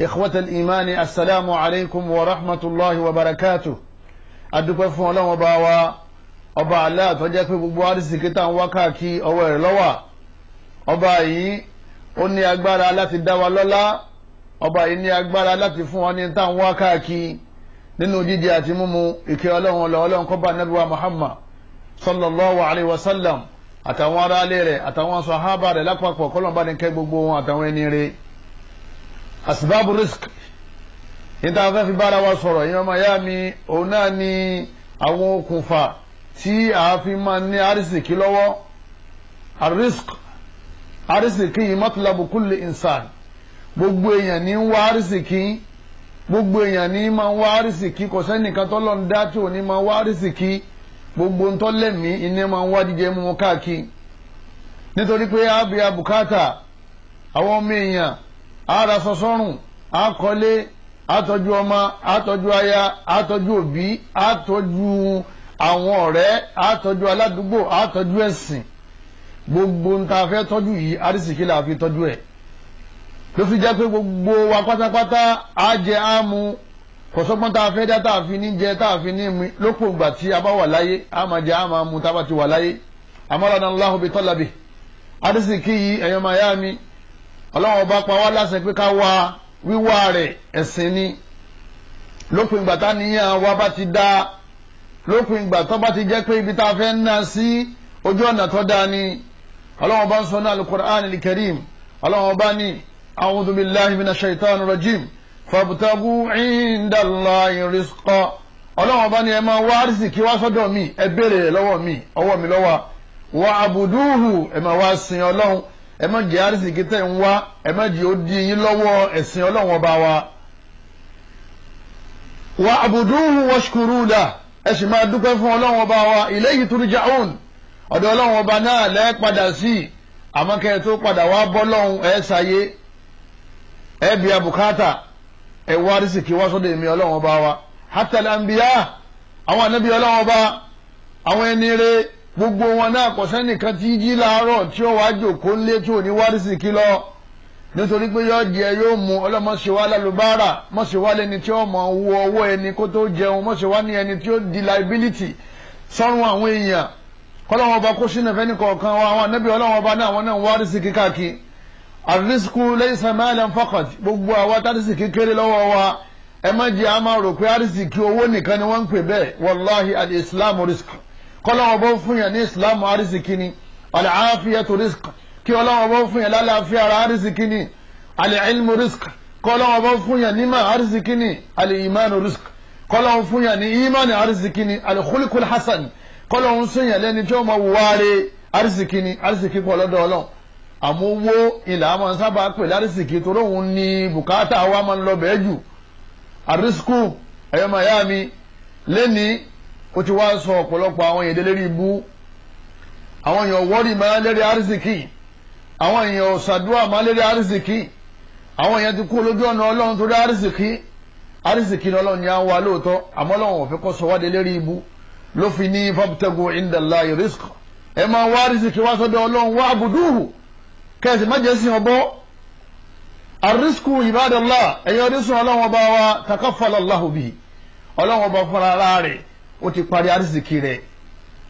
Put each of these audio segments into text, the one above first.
إخوة الإيمان السلام عليكم ورحمة الله وبركاته adúpẹ́ fún ọlọ́run ọba wa ọba Allah tó jẹ́ pé gbogbo arísìkí tá à ń wá káàkiri ọwọ́ rẹ̀ lọ́wà ọba yìí ó ní agbára láti dá wa lọ́lá ọba yìí ní agbára láti fún wa ní tá à ń wá káàkiri nínú jíjẹ àti mímu ìkẹ́ ọlọ́run ọlọ́ ọlọ́run kọ́ba Ànábì wa Muhammad sallallahu alayhi wa sallam àtàwọn aráalé rẹ̀ àtàwọn sàhábà rẹ̀ lápapọ̀ kọ́lọ́mbà ní kẹ́ gbogbo wọn àtàwọn ẹni rẹ̀ asibabu risk yìí tá a fẹ́ fi bára wa sọ̀rọ̀ yìí ọmọ ìyá mi òun náà ni àwọn okùnfà tí a fi máa ní arísìkí lọ́wọ́ arisk arísìkí yìí matlabu kulli insan gbogbo èèyàn ní ń wá arísìkí gbogbo èèyàn ní máa ń wá arísìkí kò sẹ́nìkan tó lọ́n dá tí ò ní máa ń wá arísìkí gbogbo ń tọ́lẹ̀mí iná máa ń wá jíjẹ mú káàkiri nítorí pé àbí abùkátà àwọn ọmọ èèyàn ara sọsọ́rùn akọ́lé atọ́jú ọmọ atọ́jú aya atọ́jú òbí atọ́jú àwọn ọ̀rẹ́ atọ́jú aládùúgbò atọ́jú ẹ̀sìn gbogbo ń ta fẹ́ tọ́jú yìí arísìkí la fi tọ́jú ẹ̀ ló fi jẹ́ pé gbogbo wa pátápátá á jẹ á mu kọ̀sọ́gbọ́n tá a fẹ́ dá tá a fi ní jẹ tá a fi ní mi lópò ìgbà tí a bá wà láyé a máa jẹ a máa mu tá a bá ti wà láyé amọ́ra náà Allahu bi talabi arísìkí yìí ẹ̀yọ́ máa yá mi ọlọ́run ọba pa wá láṣẹ pé ká wá wíwá rẹ̀ ẹ̀sìn ni lópin ìgbà tá wa bá ti dá lópin ìgbà tó bá ti jẹ́ pé ibi tá a fẹ́ ná sí ojú ọ̀nà tó dáa ni ọlọ́run ọba ń sọ náà alukur'an alikarim ọlọ́run ọba ní a'udhu billahi minash shaitanir rajim fàbùtàgù indallahi rizqa ọlọ́run ọba ní ẹ máa wá rìsìkì wá sọ́dọ̀ mi ẹ béèrè lọ́wọ́ mi ọwọ́ mi lọ́wọ́ wa àbùdúhù ẹ máa wá sin ọlọ́run ẹ má jẹ́ àrísìkí tẹ̀ ń wá ẹ má jẹ́ ó di yín lọ́wọ́ ẹ̀sìn ọlọ́run ọba wa. wa abuduhu washkuru ẹ sì máa dúpẹ́ fún ọlọ́run ọba wa ilayhi turja'un ọ̀dọ̀ ọlọ́run ọba náà lẹ́ padà sí i àmọ́ kẹ́ ẹ tó padà wá bọ́ lọ́hùn ẹ ṣàyé ẹ bí abùkátà ẹ wá àrísìkí wá sọ́dọ̀ èmi ọlọ́run ọba wa hatta al-anbiya àwọn ànábì ọlọ́run ọba àwọn ẹni rẹ̀ gbogbo wọn náà kò sẹ́nìkan tí jí láàárọ̀ tí ó wá jókòó lé tí ò ní wárísì kí lọ nítorí pé yóò jẹ yóò mu ọlọ́mọṣẹ́wá lálùbárà mọ̀ṣẹ́wá lẹni tí ó mọ̀ wọ ọwọ́ ẹni kó tó jẹun mọ̀ṣẹ́wá ní ẹni tí ó di liability sọ́run àwọn èèyàn kọ́lọ́wọ́n ọba kó sínú ẹ̀fẹ́ nìkọ̀ọ̀kan wa àwọn anábì ọlọ́wọ́n ọba náà wọn náà wá rísìkì káàkiri àrísìkù laysa gbogbo àwa tárísìkì kéré lọ́wọ́ wa ẹ má jẹ́ àmà rò pé àrísìkì owó nìkan ni wọ́n ń pè bẹ́ẹ̀ wàláhi al-islam rísìkì kọ́lọ́wọ́ bó fún yẹn ní ìsìlámù arísìkí ni àlàáfíyàtò rísìkì kí ọlọ́wọ́ bó fún yẹn lálàáfíà ara arísìkí ni àlẹ́ìlmù rísìkì kọ́lọ́wọ́ bó fún yẹn nímọ̀ arísìkí ni àlẹ́ìmánu rísìkì kọ́lọ́wọ́ fún yẹn ní ìmánu arísìkí ni àlẹ́kúlíkúl hasan kọ́lọ́wọ́ sún yẹn lẹ́ni tí ó máa wáre arísìkí ni arísìkí pọ̀ lọ́dọ̀ ọlọ́run àmọ́ owó ilà á máa sábà pè lárísìkí torí òun ni bùkátà wa máa ń lọ bẹ́ẹ̀ jù àrísìkú ẹ̀yọ́ màyá lẹ́ni ó ti wá sọ ọ̀pọ̀lọpọ̀ àwọn èèyàn délérí ibú àwọn èèyàn wọ́ọ̀rì máa lérí àrísìkì àwọn èèyàn ṣàdúrà máa lérí àrísìkì àwọn èèyàn ti kú lójú ọ̀nà ọlọ́run torí àrísìkì àrísìkì ni ọlọ́run ni à ń wá lóòótọ́ àmọ́ ọlọ́run ò fẹ́ kó sọ wá délérí ibú ló fi ní fabtagu inda Allahi rizqa ẹ máa wá àrísìkì wá sọ́dọ̀ ọlọ́run wá àbùdúhù kẹ́sì má jẹ́ sìn ọbọ́ àrísìkù ibadallah ẹ̀yọ́ orísun ọlọ́run ọba wa takafala Allahu bihi ọlọ́run ọba fúnra rẹ̀ ó ti parí arísìkì rẹ̀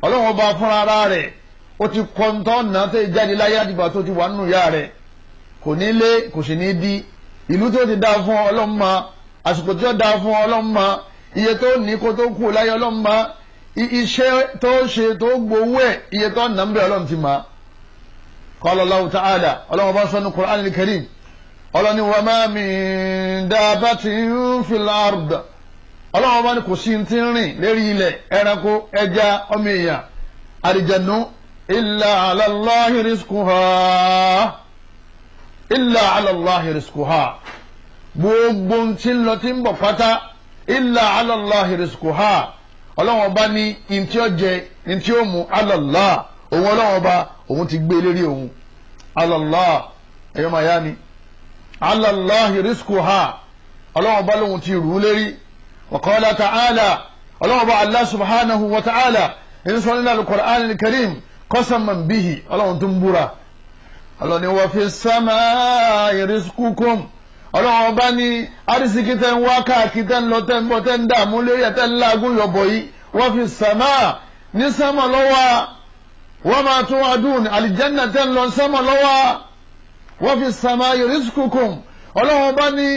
ọlọ́run ọba fúnra ara rẹ̀ ó ti kọ́ńtọ́ náà tẹ́ jáde láyé àdìgbà tó ti wà nínú ìyá rẹ̀ kò ní lé kò sì ní dí ìlú tó ti dáa fún ọlọ́run ma àsìkò tó dáa fún ọlọ́run ma iye tó ní kó tó kú láyé ọlọ́run ma iṣẹ́ tó ṣe tó gbowó ẹ̀ iye tó nà ń bẹ̀rẹ̀ ọlọ́run ti ma qala Allahu ta'ala ọlọ́run ọba sọ́nu Qur'an al ọlọ́ni wa ma min dabbatin fil ọlọ́run bá ní kò sí ti ń rìn lérí ilẹ̀ ẹranko ẹja ọmọ èèyàn àlìjànú illa ala Allahi rizquha illa ala Allahi rizquha gbogbo tí ń lọ tí ń bọ̀ pátá illa ala Allahi rizquha ọlọ́run ọba ní ntí ó jẹ ntí ó mu ala Allah òun ọlọ́run ọba òun ti gbé lérí òun ala ẹ̀yọ́ màyá ni ala Allahi rizquha lóun ti rú lérí. وقال تعالى الله الله سبحانه وتعالى إن صلنا القرآن الكريم قسما به الله تنبرا الله ni wa fi sama rizqukum ọlọ́run ọba ní arísìkí tẹ́ ń wá káàkiri tẹ́ ń lọ tẹ́ ń bọ̀ tẹ́ ń dààmú lórí ẹ̀ tẹ́ ń láàgùn yọ̀bọ̀ yìí wọ́n fi sàmà ní sàmà lọ́wọ́ wọ́n máa tún adùn àlìjẹ́nà tẹ́ ń lọ sàmà lọ́wọ́ wọ́n fi sàmà rizqukum ọlọ́run ọba ní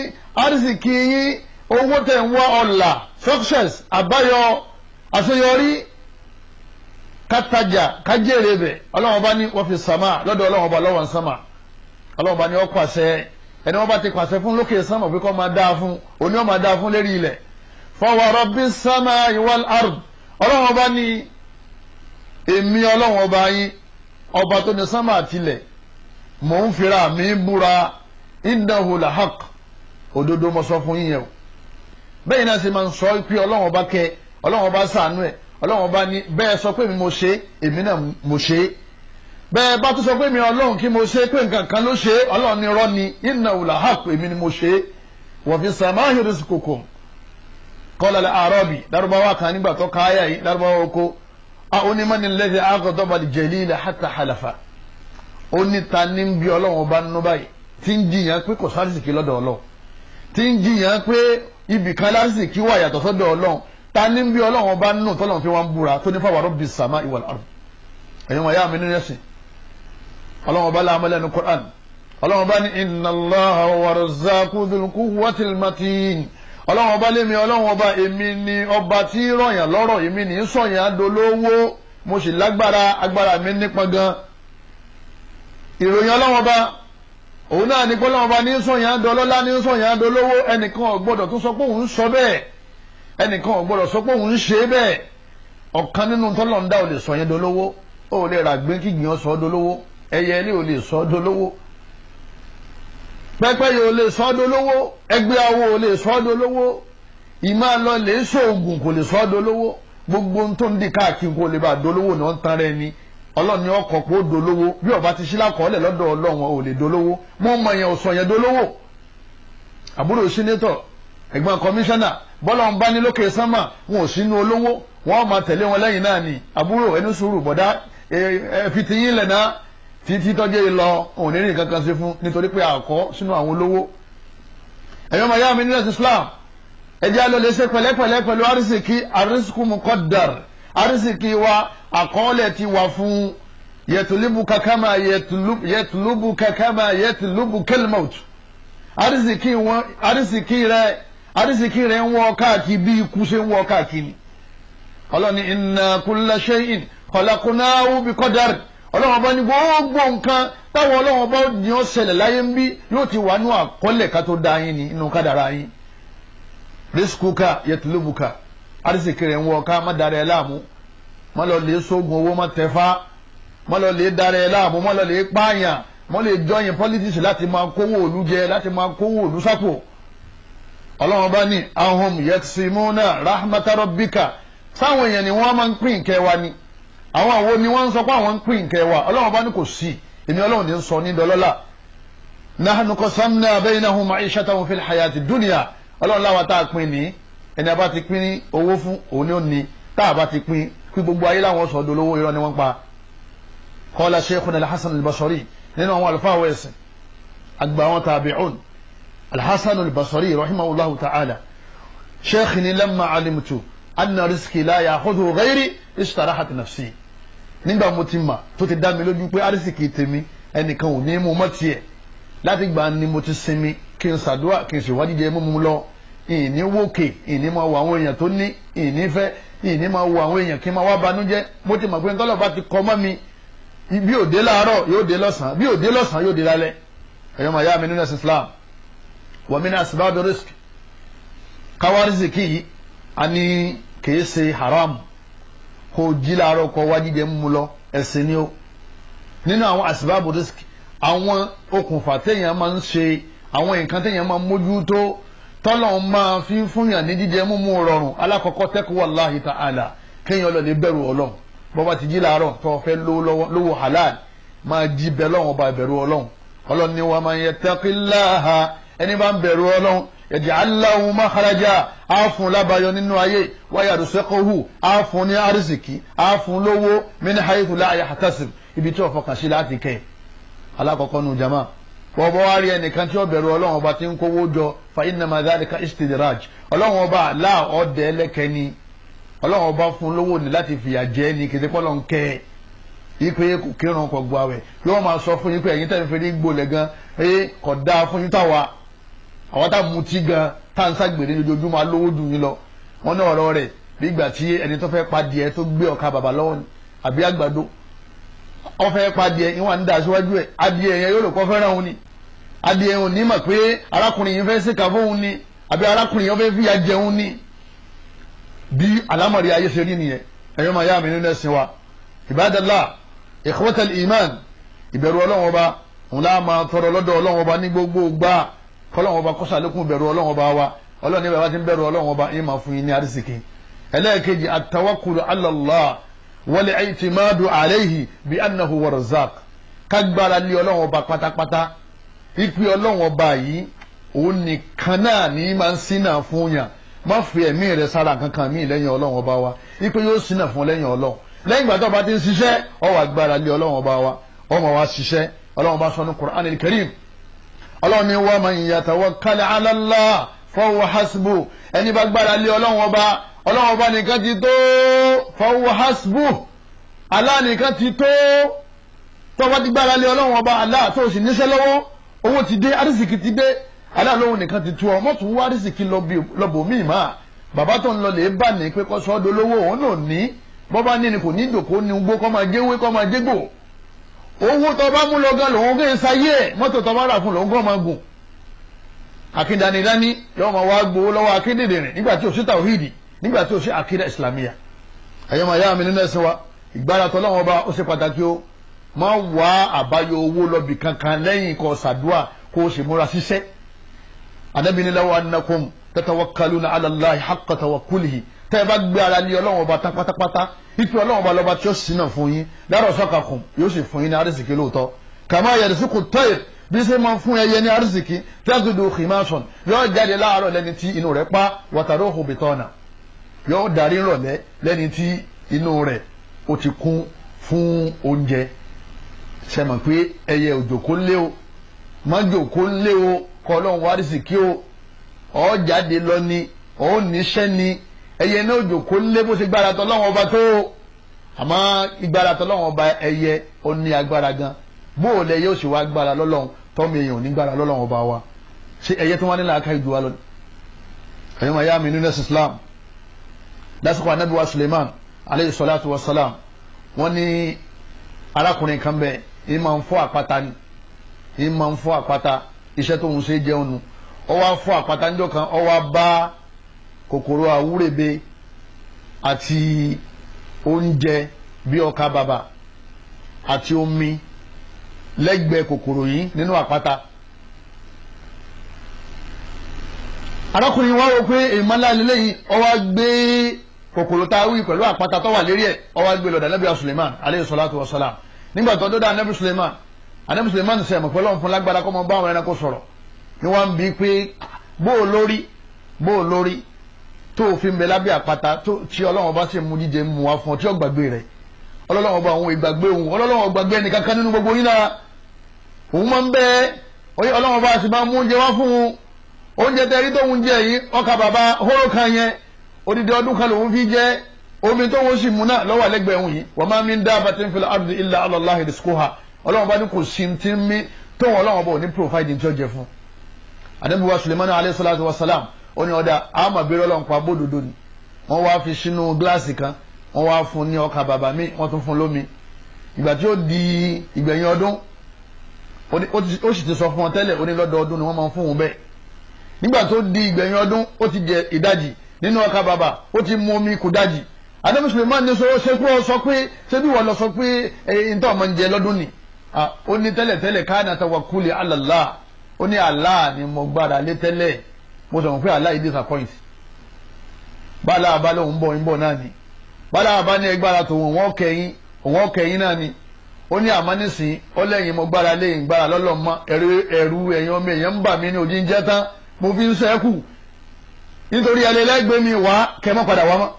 arísìkí yìí owó tẹ̀ ń wá ọ̀la success àbáyọ àṣeyọrí katajà kájèrè bẹ̀ ọlọ́wọ́n bá ní wọ́n fi sàmà lọ́dọ̀ ọlọ́wọ́n bá lọ́wọ́n sàmà ọlọ́wọ́n bá ní pàṣẹ ẹni wọ́n bá ti fún lókè sàmà pé máa dáa fún òní dáa fún lérí ilẹ̀ sàmà wal ard ọlọ́wọ́n bá ní èmi ọlọ́wọ́n ọba yín ọba tó ní sàmà mò ń fira mi búra fún bẹ́ẹ̀ náà sì máa ń sọ pé ọlọ́run ọba kẹ ọlọ́run ọba ṣàánú ẹ̀ ọlọ́run ọba ní bẹ́ẹ̀ sọ pé mi mo ṣe èmi náà mo ṣe é bẹ́ẹ̀ bá tún sọ pé mi ọlọ́run kí mo ṣe pé nǹkan kan ló ṣe ọlọ́run ní rọ́ ni iná òlà hàp èmi ni mo ṣe é wọ́n fi sàmáhì rizqukum qala al-arabi lárúbáwá kan nígbà tó káyà yìí lárúbáwá oko a ó ní mọ́ni lẹ́dẹ̀ àgọ́dọ́bà jẹ̀lí ilẹ̀ hàtà halafa ó ní ta ní bí ọlọ́run tí ń jiyàn pé kò sáré sìkì lọ́dọ̀ ọlọ́run tí ń jiyàn pé ibì kan lásìkò kí wà yàtọ̀ sọ́dọ̀ ọlọ́run ta ní bí ọlọ́run ọba nù tọ́lọ́run fi wọn búra tó ní fáwọn rọ́bì sàmá ìwà lọ́rùn ẹ̀yin wọn yá mi nínú ẹ̀sìn ọlọ́run ọba láàmú lẹ́nu Qur'an ọlọ́run ọba ní inna Allaha warrazzaqu dhul quwwatil matin ọlọ́run ọba lémi ọlọ́run ọba èmi ni ọba tí rọ̀yàn lọ́rọ̀ èmi ní sọ̀yàn adolówó mo sì lágbára agbára mi nípọn gan ìròyìn ọlọ́run ọba òun náà ní pọ́lọ́wọ́n bá ní sọ̀yàn àdó ọlọ́lá ní sọ̀yàn àdó lówó ẹnìkan ò gbọ́dọ̀ tó sọ pé òun sọ bẹ́ẹ̀ ẹnìkan ò gbọ́dọ̀ sọ pé òun ṣe bẹ́ẹ̀ ọ̀kan nínú tọ́lọ́ndà ò lè sọ yẹn dolówó ó lè rà gbé kí gbìyàn sọ dolówó ẹyẹ ilé ò lè sọ dolówó pẹ́pẹ́yẹ ò lè sọ dolówó ẹgbẹ́ awo ò lè sọ dolówó ìmọ̀ lọ lè sọ oògùn kò lè sọ dolówó gbogbo tó káàkiri kò lè bá dolówó náà ń rẹ ni ọlọ́run ni ọkọ̀ kó dolówó bí ọba ti ṣí lákọọ́lẹ̀ lọ́dọ̀ ọlọ́run ò lè dolówó mọ́ ọmọ yẹn ò sọ yẹn dolówó àbúrò sínétọ̀ ẹ̀gbọ́n kọmíṣánná bọ́lá ń bá ní lókè sánmà wọn ò sínú olówó wọn máa tẹ̀lé wọn lẹ́yìn náà ni àbúrò ẹni sùúrù bọ̀dá fìtìyín lẹ̀ná títí tọ́jú ìlọ òun ní nǹkan kan sí fún nítorí pé àkọ́ sínú àwọn olówó ẹ̀yọ́ màá yá mi nílẹ̀ Islam ẹ̀jẹ̀ alọ́ ṣe pẹ̀lẹ́pẹ̀lẹ́ pẹ̀lú arísìkí arísìkú muqaddar arísìkí wa àkọọ́lẹ̀ ti wà fún yẹtùlúbù kakama yẹtùlúbù kakama yẹtùlúbù kelmout arísìkí rẹ arísìkí rẹ ń wọ káàkiri bí ikú ṣe ń wọ ni ọlọ́ni ina kula shay'in khalaqnahu bi qadar ọlọ́wọ́n bá ní gbogbo nǹkan táwọn ọlọ́wọ́n bá ní ó ṣẹlẹ̀ láyé ń bí yóò ti wà nú àkọọ́lẹ̀ ká tó da yín ní inú kádàrá yín riskuka yẹtùlúbùka arísìkí rẹ ń wọ ká má dára má lọ lè sógun owó má tẹ̀fá má lọ lè darẹ̀ ẹ̀ láàmú má lọ lè pààyàn má lè jọyìn politics láti máa kówó òlu jẹ láti máa kówó òlu sápò ọlọ́run bá ní ahum yẹtsimuna rahmata rabbika sáwọn èèyàn ni wọ́n máa ń pín ìkẹwà ni àwọn àwo ni wọ́n ń sọ pé àwọn ń pín ìkẹwà ọlọ́run bá ní kò sí èmi ọlọ́run ní ń sọ ní dọlọ́lá nahnu qasamna baynahum ma'ishatahum fil hayati dunya ọlọ́run láwa tá a pín ní ẹni a bá ti pín owó fún òun ni ó ní tá a bá ti pín pé gbogbo ayé làwọn sọ dolówó irọ́ ni wọ́n pa kọ́lá sheikhun alhassan albasori nínú àwọn àlùfáà wẹ̀ ẹ̀sìn àgbà àwọn tàbí'un alhassan albasori rahimahullahu ta'ala sheikh ni lamma alimtu anna riski la ya'khudhu ghairi istarahat nafsi nígbà mo ti mà tó ti dá mi lójú pé arísìkì tèmi ẹnìkan ò ní mú mọ́ tiẹ̀ láti gbà ni mo ti sinmi kí n ṣàdúrà kí n ṣèwádìí jẹ mímú lọ ìní wókè ìní máa àwọn èèyàn tó ní ìní fẹ́ yìí ní máa wo àwọn èèyàn kí n máa wá banújẹ́ mo ti mọ̀ pé ntọ́lọ̀ bá ti kọ́ mọ́ mi bí òde láàárọ̀ yóò dé lọ́sàn-án bí òde lọ́sàn-án yóò dé lálẹ́ ẹ̀yọ́ màá yá mi nínú ẹ̀sìn Islam wọ́n mi ní asibábi risk káwárísì kì í a ní kìí ṣe haram kò jí láàárọ̀ kọ́ wájídé ń mu lọ ẹ̀sìn ni ó nínú àwọn asibábi risk àwọn okùnfà téèyàn máa ń ṣe àwọn nǹkan téèyàn máa ń mójútó tọ́lọ̀ máa fi fúnyàn ní jíjẹ múmú rọrùn alákọ̀ọ́kọ́ taqwallahi ta'ala kéèyàn lọ lè bẹ̀rù ọlọ́run bọ́ba ti jí làárọ̀ tó o fẹ́ lówó halal máa jí bẹ́ẹ̀ lọ́wọ́ bá bẹ̀rù ọlọ́run ọlọ́run ni wa man yattaqillaha ẹni bá ń bẹ̀rù ọlọ́run yaj'al lahu makhraja àáfún lábàáyọ nínú ayé wa yarzuqhu àáfún ní àrísìkí àáfún lówó min haythu la yahtasib ibi tí ọ̀fọ̀kànṣe láti kẹ́ alákọ̀ọ́kọ́ nu jama bọ́ọ̀bọ́ wa rí ẹnìkan tí ó bẹ̀rù ọlọ́run ọba tí ń kówó jọ fa innama dhalika istidraj ọlọ́run ọba láà ọ̀dẹ ẹlẹ́kẹ́ ni ọlọ́run ọba fún lówó ni láti fìyà jẹ ni kété pọ́lọ́ ń kẹ́ ẹ ipe kò kírun kò gba wẹ̀ yóò máa sọ fún yín pé ẹ̀yin tẹ̀lé fèrè gbolẹ̀ gan ẹ kò dáa fún yín táwa àwọn tá mutí gan tá n ságbèrè lójoojúmọ́ alówó dùn yín lọ wọn ní ọ̀rọ̀ rẹ̀ bí ìgbà tí ẹni tó fẹ́ padìẹ tó gbé ọ̀ka bàbá lọ́wọ́ àbí àgbàdo ọfẹ pa adìẹ yìí wà ń da aṣíwájú ẹ adìẹ yẹn yóò lò kọ fẹ́ràn òun ni adìẹ yẹn ò ní mọ̀ pé arákùnrin yẹn fẹ́ ṣèkà fóun ni àbí arákùnrin yẹn fẹ́ fìyà jẹun ni bí alámọ̀rí ayé ṣe rí nìyẹn ẹ̀yọ́ máa yá mi nínú ẹ̀sìn wa ìbádàlá ìkọ́tẹ̀lì imán ìbẹ̀rù ọlọ́run ọba òun láà máa tọrọ lọ́dọ̀ ọlọ́run ọba ní gbogbo gbà wal i'timadu alayhi bi annahu wa razzaq kágbára lé ọlọ́run ọba pátápátá ìpè ọlọ́run ọba yìí òun nìkan náà ní máa ń sínà fún yàn má fi ẹ̀mí rẹ sára kankan míì lẹ́yìn ọlọ́run ọba wa ìpè yóò sínà fún lẹ́yìn ọlọ́run lẹ́yìn ìgbà tó bá ti ń ṣiṣẹ́ ó wá gbára lé ọlọ́run ọba wa ó máa ṣiṣẹ́ ọlọ́run bá sọnù Qur'an al-Karim ni wa man ọlọ́run ọba nìkan ti tó fọwọ́ hasbu Allah nìkan ti tó tọ́wọ́ ti gbára lé ọlọ́run ọba Allah tó o sì níṣẹ́ lọ́wọ́ owó ti dé arísìkì ti dé Allah lóhun nìkan ti tú ọ mọ́tò wá arísìkì lọ́bù mí mà bàbá tó ń lọ lè bá ní pé kọ́ sọ́ọ́ dolówó òun náà ní bọ́bá ní ni kò ní ìdòkó ní ugbó kọ́ máa jẹ́wé kọ́ máa jégbò owó tó bá mú lọ gan lòun kò ń sayé ẹ̀ mọ́tò tó bá rà fún lòun kọ́ máa gùn akíndanidání yọ̀ọ́ máa wá gbowó lọ́wọ́ akíndèdèrè nígbà tí òṣìṣẹ́ tàwíìdì nígbà tí o ṣe àkídà ìsìlámíyà ẹ̀yọ́ màá yá mi nínú ẹ̀sìn wa ìgbára tọ́ lọ́wọ́ ọba ó ṣe pàtàkì o má wá àbáyọ owó lọ́bì kankan lẹ́yìn kó ṣàdúà kó o sì múra ṣiṣẹ́ anabi ni law annakum tatawakkaluna ala Allahi haqqa tawakkulihi tẹ́ ẹ bá gbé ara lé ọlọ́wọ́ ọba tápátápátá ìtú ọlọ́wọ́ ọba lọ́ba tí ó sì náà fún yín dárò sọ́kàkùn yóò sì fún yín ní arísìkí lóòótọ́ kàmá yẹrìsíkù tọ́yìr bí ṣe máa fún ẹyẹ ní arísìkí tẹ́sídùú kìmáṣọ̀n yóò jáde láàárọ̀ lẹ́ni tí inú rẹ̀ pa wàtàróhùn bìtọ́nà yóò darí rọ̀lẹ́ lẹ́ni tí inú rẹ̀ ó ti kún fún oúnjẹ ṣe mọ̀ pé ẹyẹ òjòkó lé o má jòkó lé o kọ́ ọlọ́run wárìsì kí o ọ̀ jáde lọ ni ọ̀ níṣẹ́ ni ẹyẹ náà òjòkó lé bó ṣe gbára tọ́lọ́run ọba tó o àmọ́ ìgbára tọ́lọ́run ọba ẹyẹ ó ní agbára gan bó o lẹ yóò ṣe wá gbára lọ́lọ́run tọ́mọ èèyàn ò ní gbára lọ́lọ́run ọba wa ṣé ẹyẹ tó wá nílà aká ìdúwà lọ ẹ̀yọ́ màá yá mi nínú ẹ̀sìn Islam lásìkò anabi wa suleiman aleyhi salatu wa salam wọ́n ní arákùnrin kan bẹ yìí máa ń fọ́ àpáta ni yìí máa ń fọ́ àpáta iṣẹ́ tó ń ṣe jẹun nu ó wá fọ́ àpáta níjọ́ kan ó wá bá kòkòrò àwúrèbe àti oúnjẹ bí ọkà bàbà àti omi lẹ́gbẹ̀ẹ́ kòkòrò yìí nínú àpáta. arákùnrin wa wò pé èèmọ́lá lélẹ́yìn ó wá gbé kòkòrò tá a wí pẹ̀lú àpáta tó wà lérí ẹ̀ ó wá gbé lọ́dọ̀ anabi suleiman aleyhi salatu wa salam nígbà tó dọ́dọ̀ anabi suleiman anabi suleiman sẹ̀ mọ̀ pẹ̀lú ọ̀fun lágbára kọ́ mọ bá àwọn ẹranko sọ̀rọ̀ ni wọ́n bí pé bó o lórí bó o lórí tó o fi ń bẹ lábẹ́ àpáta tí ọlọ́run ọba sì mú jíjẹ mú wa fún ọ tí ó gbàgbé rẹ̀ ọlọ́run ọba òun ìgbàgbé òun ọlọ́run ọgbàgbé ẹnì odidi ọdún kan lòun fi jẹ́ omi tó wọ́n sì mú náà lọ́wọ́ àlẹ́gbẹ̀ẹ́ òun yìí wa ma min dabbatin fil ardi illa ala Allahi rizquha ọlọ́run bá ní kò sí ti ń mí tó wọn ọlọ́run bá ò ní provide ní tí ó jẹ fún. àdébù wa Suleiman salatu wa salam ó ní ọ̀dà àmà bẹ́rẹ̀ ọlọ́run pa bódodo ni wọ́n wá fi sínú gíláàsì kan wọ́n wá fún ní ọkà bàbà mi wọ́n tún fún lómi ìgbà tí ó di ìgbẹ̀yìn ọdún ó sì ti sọ fún wọn tẹ́lẹ̀ ó ni wọ́n máa ń fún òun bẹ́ẹ̀ nígbà tó di ìgbẹ̀yìn ọdún ó ti jẹ ìdajì nínú ọkà bàbà ó ti mú omi kù dájì adamu suleiman ní sọ ṣekú ọ sọ pé ṣebí wà lọ sọ pé ẹyin tó ọmọ ń jẹ lọ́dún ni ó ní tẹ́lẹ̀ tẹ́lẹ̀ ala Allah ó ní ala ni mo gbára lé tẹ́lẹ̀ mo sọ pé Allah yìí disappoint bala abalẹ òun bọ̀ òun bọ̀ náà ni bala abalẹ ẹgbàra tó wọ́n kẹyìn náà ni ó ní àmọ́ nísìn ó lẹ́yìn mo gbára lé ìgbára lọ́lọ́mọ ẹ̀rú ẹ̀yìn ọmọ èèyàn ń bà mí ní jẹ́ tán mo fi nítorí ẹlẹ́lẹ́gbẹ́ mi wá kẹ́ mọ́ padà wá mọ́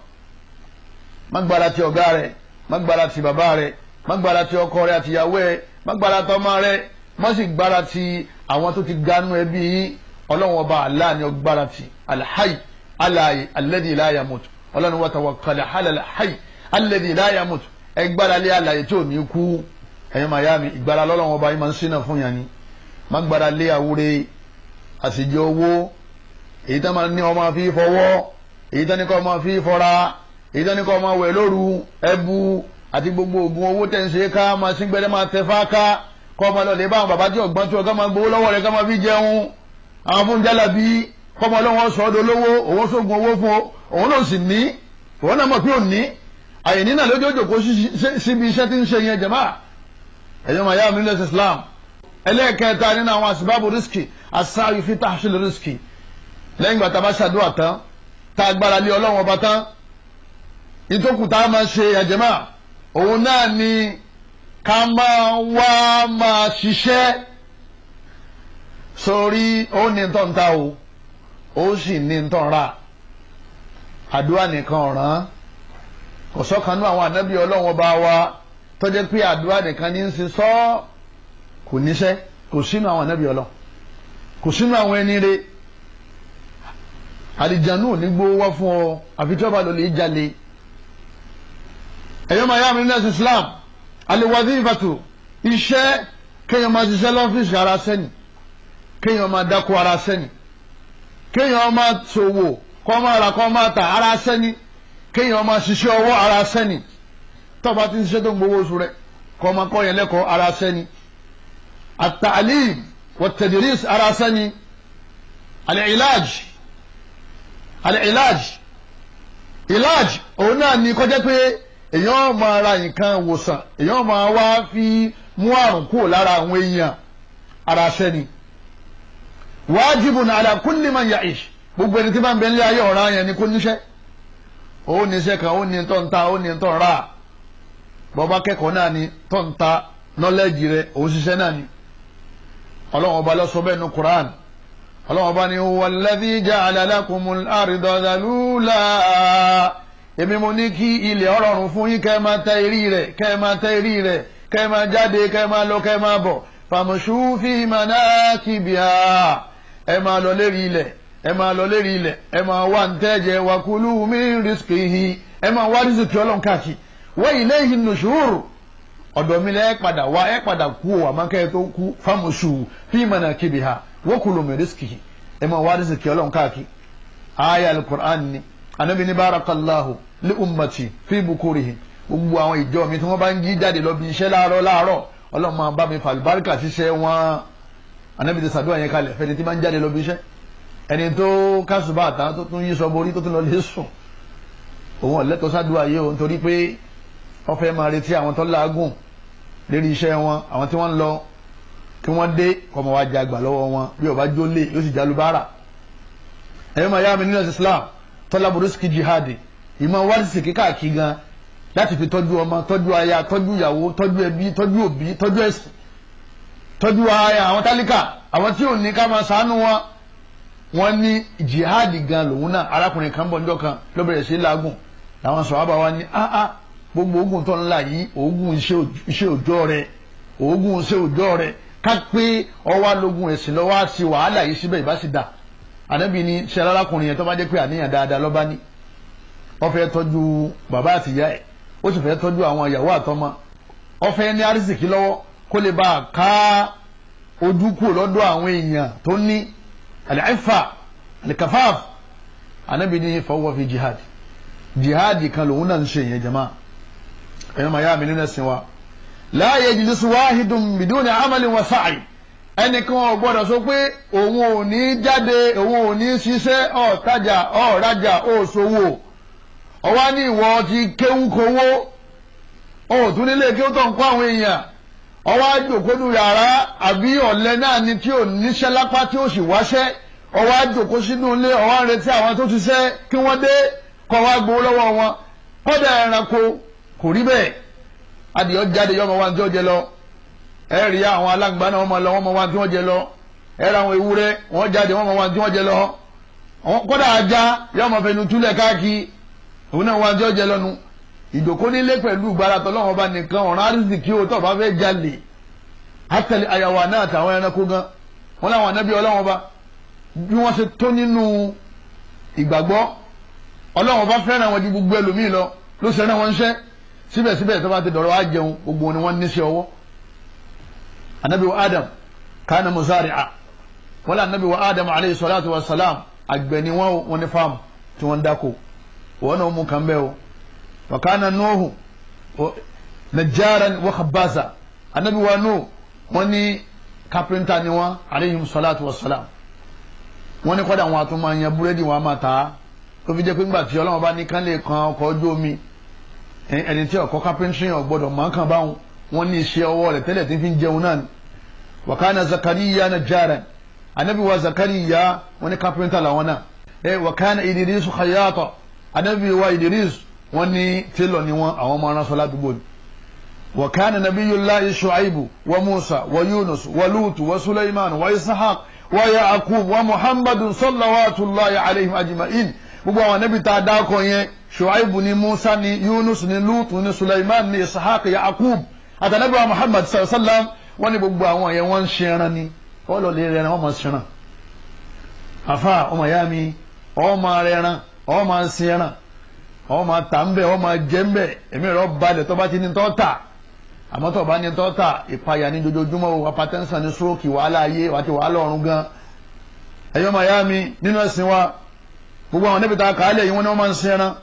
má gbára ti ọ̀gá rẹ̀ má gbára ti bàbá rẹ̀ má gbára ti ọkọ rẹ̀ àtìyàwó ẹ̀ má gbára ti ọmọ rẹ̀ má sì gbára ti àwọn tó ti ganú ẹbí yín ọlọ́run ọba Allah ni ó gbára ti alhayy alaye alladhi la yamut ọlọ́run wa tawakkal ala alhayy alladhi la yamut ẹ gbára lé alaye tí ò ní kú ẹ̀yin màá yá mi ìgbára lọ́lọ́run ọba yín máa ń sínà fún yàn ni má gbára lé àwúre àṣejọ owó èyí tán máa ní ọmọ fi fọwọ́ èyí tán ní kọ́ ọmọ fi fọra èyí tán ní kọ́ ọmọ wẹ̀ lóru ẹbu àti gbogbo oògùn owó tẹ̀ ń ṣe ká máa sí gbẹ́dẹ́ máa tẹ fáká kọ́ ọmọ lọ lè bá àwọn bàbá tí ọ̀gbọ́n tí ọ̀gá máa gbowó lọ́wọ́ rẹ̀ ká máa fi jẹun àwọn fún jálàbí kọ́ ọmọ lọ́wọ́ sọ ọ́ dolówó òun sógun owó fún òun náà sì ní òun náà mọ̀ pé òun ní àyìní náà lójó jòkó síbi iṣẹ́ tí ń ṣe yẹn Islam ẹlẹ́ẹ̀kẹta nínú àwọn àsìbábù rìsíkì àṣà yìí fi tàṣìlì rìsíkì lẹ́yìn gbàtà bá ṣàdúrà tán tá a gbára lé ọlọ́run ọba tán ìtòkù tá a máa ṣe àjẹmá òun náà ni ká máa wá máa ṣiṣẹ́ sórí ó ní tán ta o ó sì ní tán ra àdúrà nìkan ọ̀ràn kò sọ́kanú àwọn ànábì ọlọ́run ọba wa tó jẹ́ pé àdúrà nìkan ní í ṣe kò níṣẹ́ kò sínú àwọn ànábì ọlọ́run kò sínú àwọn ẹni rẹ̀ àdìjànú ní gbowó wá fún ọ àfi tí wọ́n bá lọ lè jalè ẹ̀yọ́ máa yá mi ní ẹ̀sìn Islam àlewàdí ìbàtò iṣẹ́ kéèyàn máa ṣiṣẹ́ lọ́fíìsì ara sẹ́ni kéèyàn máa dáko ara sẹ́ni kéèyàn máa ṣòwò kọ́ máa ra kọ́ máa tà ara sẹ́ni kéèyàn máa ṣiṣẹ́ ọwọ́ ara sẹ́ni tọ́ba ti ń ṣiṣẹ́ tó ń gbowó oṣù rẹ̀ kọ́ máa kọ́ yẹn lẹ́kọ̀ọ́ ara sẹ́ni àtàlí wọ́tẹ̀dìrís ara sẹ́ni àlẹ́ ìlàjì àlẹ́ ìlàj ìlàj òun náà ni kọjá pé èèyàn máa ra nǹkan wòsàn wá fi mú àrùn kúrò lára àwọn èèyàn ara sẹ́ni wajibun ala kulli man ya'ish gbogbo ẹni tí bá ń bẹ ayé ọ̀ràn yẹn ni kó níṣẹ́ O níṣẹ́ kan ó ní tó ń ta ọlọ́run ọba sọ bẹ́ẹ̀ ọlọ́wọ́n bá ní huwa alladhi ja'ala lakumul arda dhalula èmi mo ní kí ilẹ̀ ọlọ́run fún yín kẹ́ ẹ máa tẹ irí rẹ̀ kẹ́ ẹ máa tẹ irí rẹ̀ kẹ́ ẹ máa jáde kẹ́ ẹ máa lọ kẹ́ ẹ máa bọ̀ famshu fi manakibiha ẹ máa lọ lérí ilẹ̀ ẹ máa lọ lérí ilẹ̀ ẹ máa wá ntẹ́jẹ wakulu min rizqihi ẹ máa wá rísìkì ọlọ́run káàkiri wa ilayhi nushur ọ̀dọ̀ mi lẹ́ padà wá ẹ padà kú ọ̀ àmọ́ kẹ́ tó kú famshu fi manakibiha wakulu min rizqihi ẹ máa wá rísìkì ọlọ́run káàkiri aya alukur'an ni anabi ní barakallahu li ummati fi bukurihi gbogbo àwọn ìjọ mi tí wọ́n bá ń jí jáde lọ bí iṣẹ́ láàárọ̀ láàárọ̀ ọlọ́run máa bá mi fàlùbáríkà ṣiṣẹ́ wọn anabi ti sàdúrà yẹn kalẹ̀ fẹ́ni tí máa ń jáde lọ bí iṣẹ́ ẹni tó kásùbà àtà tó tún yí sọ borí tó tún lọ lè sùn òun ọ̀lẹ́tọ̀ sàdúrà yìí o nítorí pé ó fẹ́ máa retí àwọn tó láàgùn lérí iṣẹ́ wọn àwọn tí wọ́n ń lọ kí wọ́n dé kọ́mọ wa jẹ àgbà lọ́wọ́ wọn bí ọba jó lé yóò sì já lubára ẹ̀yọ́ màá yá mi nínú Islam tọ́lá burúkú jihadi ìmọ̀ wáṣíṣe kíkàkí gan láti fi tọ́jú ọmọ tọ́jú aya tọ́jú ìyàwó tọ́jú ẹbí tọ́jú òbí tọ́jú ẹ̀sìn tọ́jú aya àwọn tálíkà àwọn tí ò ní ká máa sànú wọn wọn ní jihadi gan lòun náà arákùnrin kan bọ̀ níjọ́ kan ló bẹ̀rẹ̀ sí làwọn sọ̀rọ̀ bá wa ní áá ah, ah, gbogbo oògùn tó ń là yìí oògùn iṣẹ́ òjọ́ rẹ̀ oògùn iṣẹ́ òjọ́ rẹ̀ ká pé ọwọ́ alógun ẹ̀sìn lọ́wọ́ á sí wàhálà yìí síbẹ̀ ìbá sì dà ànábì ni ṣe arákùnrin yẹn tó bá jẹ́ pé àníyàn dáadáa lọ́ba ní ó fẹ́ tọ́jú bàbá àtìyá ẹ̀ ó sì fẹ́ tọ́jú àwọn ìyàwó àtọmọ ó fẹ́ ní arísìkí lọ́wọ́ kó lè bá a ká ojú kù lọ́dọ̀ àwọn èèyàn tó ní àlẹ́fà àlẹ́kàfáàf ànábì ni fọwọ́ fi jihad jihad kan lòun náà ń ṣe yẹn jama ẹ̀yọ́ la yajlis wahidun biduni amalin wa sa'i ẹnìkan ò gbọ́dọ̀ sọ pé òun ò ní jáde òun ò ní ṣiṣẹ́ ó tajà ó rajà ó ṣòwò ọwá ní ìwọ ti kéwúkowó nílé kí ó àwọn èèyàn ọwá yàrá àbí náà ni tí ò níṣẹ́ lápá tí ó sì wáṣẹ́ àwọn tó ti ṣẹ́ kí wọ́n adìyọ jáde yọmọ wa tí wọ́n jẹ lọ ẹ rí àwọn alágbá náà wọ́n mọ lọ wọ́n mọ wa tí wọ́n jẹ lọ ẹ rí àwọn ewúrẹ́ wọ́n jáde wọ́n mọ wa tí wọ́n jẹ lọ kódà ajá yọmọ fẹnu túlẹ̀ káàkiri òun náà wa tí wọ́n jẹ lọ́nu ìdòkó nílé pẹ̀lú ìgbáratọ̀ lọ́wọ́ ọba nìkan ọ̀ràn àrísìkí o tọ́ba fẹ́ jalè àtẹlẹ àyàwó àná àtàwọn ẹranko gan wọn làwọn ànábì ọlọ́wọ́n ọba bí wọ́n ṣe tó nínú ìgbàgbọ́ ọlọ́wọ́n ọba fẹ́ràn wọn ju gbogbo ẹlòmíì lọ ló ṣe wọn ṣẹ́ síbẹ̀síbẹ̀ tó bá ti dọ̀rọ̀ wá jẹun gbogbo ni wọ́n ní sí ọwọ́ anabi wa adam kana muzari'a wala anabi adam alayhi salatu wa salam àgbẹ̀ ni wọ́n wọn ní fáàmù tí wọ́n dáko wọ́n náà mú kàn bẹ́ẹ̀ o wa kana nuhu najjaran wa khabasa anabi wa nuhu wọ́n ní kápẹ́ntà ni wọ́n alayhi salatu wa salam wọ́n ní kọ́dà wọn àtúmọ̀ yẹn búrẹ́dì wọn a máa ta á tó fi jẹ́ pé ńgbà tí ọlọ́wọ́n ní kán lè kan ọkọ̀ ojú omi ẹni tí ọkọ kápẹ́ntìrì ọgbọ́dọ̀ máa kàn báwọn wọn ní iṣẹ́ ọwọ́ rẹ̀ tẹ́lẹ̀ tí fi ń jẹun náà wakana zakariya najjaran anabi wa zakariya wani kápẹ́ntà làwọn náà ẹ wakana idris khayata anabi wa idris wọn ní télọ̀ ni wọn àwọn ọmọ aránsọ ládùúgbò ni wakana nabiyullahi shu'aibu wa musa wa yunus wa lutu wa suleiman wa ishaq wa yaqub wa muhammadun sallallahu alayhi wa ajma'in gbogbo àwọn ànábì tá a dákọ yẹn shuaibu ni musa ni yunus ni lutu ni suleiman ni isahaq yaakub àtàlẹ́bàá muhammad sallam wọ́n ní gbogbo àwọn yẹn wọ́n ń ṣẹran ni wọ́n lọ lè rẹran wọ́n máa ṣẹran àfa ọmọ ìyá mi ọ̀ máa rẹran ọ̀ máa ṣẹran ọ̀ máa tà ń bẹ̀ ọ̀ máa jẹ́ ń bẹ̀ èmi rẹ̀ balẹ̀ tó bá ti ní tọ́ ta àmọ́ ní tọ́ ìpayà ní dojoojúmọ́ o apatẹ́nsán ní sóòkì wàhálà ayé àti wàhálà ọ̀run gan ẹ̀yọ́ ọmọ nínú ẹ̀sìn wa gbogbo àwọn níbi tá a kàálẹ̀ yìí wọn ni wọ́n máa ń sin ẹran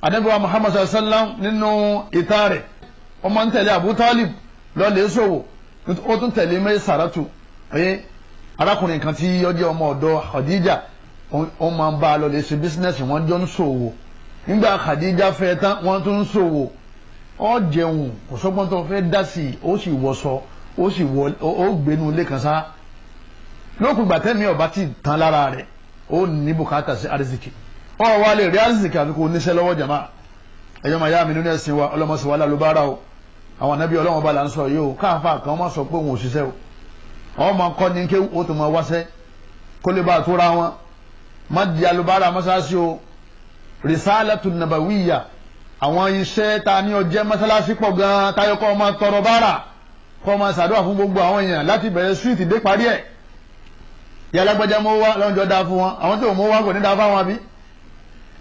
ànábì sallam nínú ìta rẹ̀ wọ́n máa ń tẹ̀lé abu talib lọ́lẹ̀ sòwò ó tún tẹ̀lé mẹ́ sàràtù ẹ arákùnrin kan tí ó jẹ́ ọmọ ọ̀dọ̀ khadija ó máa ń bá a lọ́lẹ̀ ṣe bísínẹ́sì wọ́n jọ ń sòwò nígbà khadija fẹ́ tán wọ́n tún ń sòwò ó jẹun kò sọ́gbọ́n tó fẹ́ dá sí ó sì wọṣọ ó sì wọ ó gbénu ilé sá lókùn gbàtẹ́mi ọ̀bá ti ó ní bùkátà sí arizikì ọ wá lè rí arizikì àfi kò níṣẹ́ lọ́wọ́ jama ẹ̀yọ́ màá yá mi nínú ẹ̀sìn wa ọlọ́mọsí wa lálùbárà o àwọn anábì ọlọ́wọ́n bá là ń sọ yìí o káàfà kan má sọ pé òun ò ṣiṣẹ́ o àwọn máa kọ́ ni ké o tó máa wáṣẹ́ kó lè bá a tó ra wọn má di alùbárà mọ́ṣáláṣí o rìsáàlátù nàbàwíyà àwọn iṣẹ́ ta ní ọjẹ́ mọ́ṣáláṣí pọ̀ gan-an táyọ̀ kọ́ ọ máa tọrọ bárà kọ́ ọ máa ṣàdúrà fún gbogbo àwọn èèyàn láti bẹ̀rẹ̀ súwìtì dé parí ẹ̀ ìyá alágbájá mọ́ wá lọ́njọ́ dáa fún wọn àwọn tí ò mọ́ wá kò ní dáa fáwọn àbí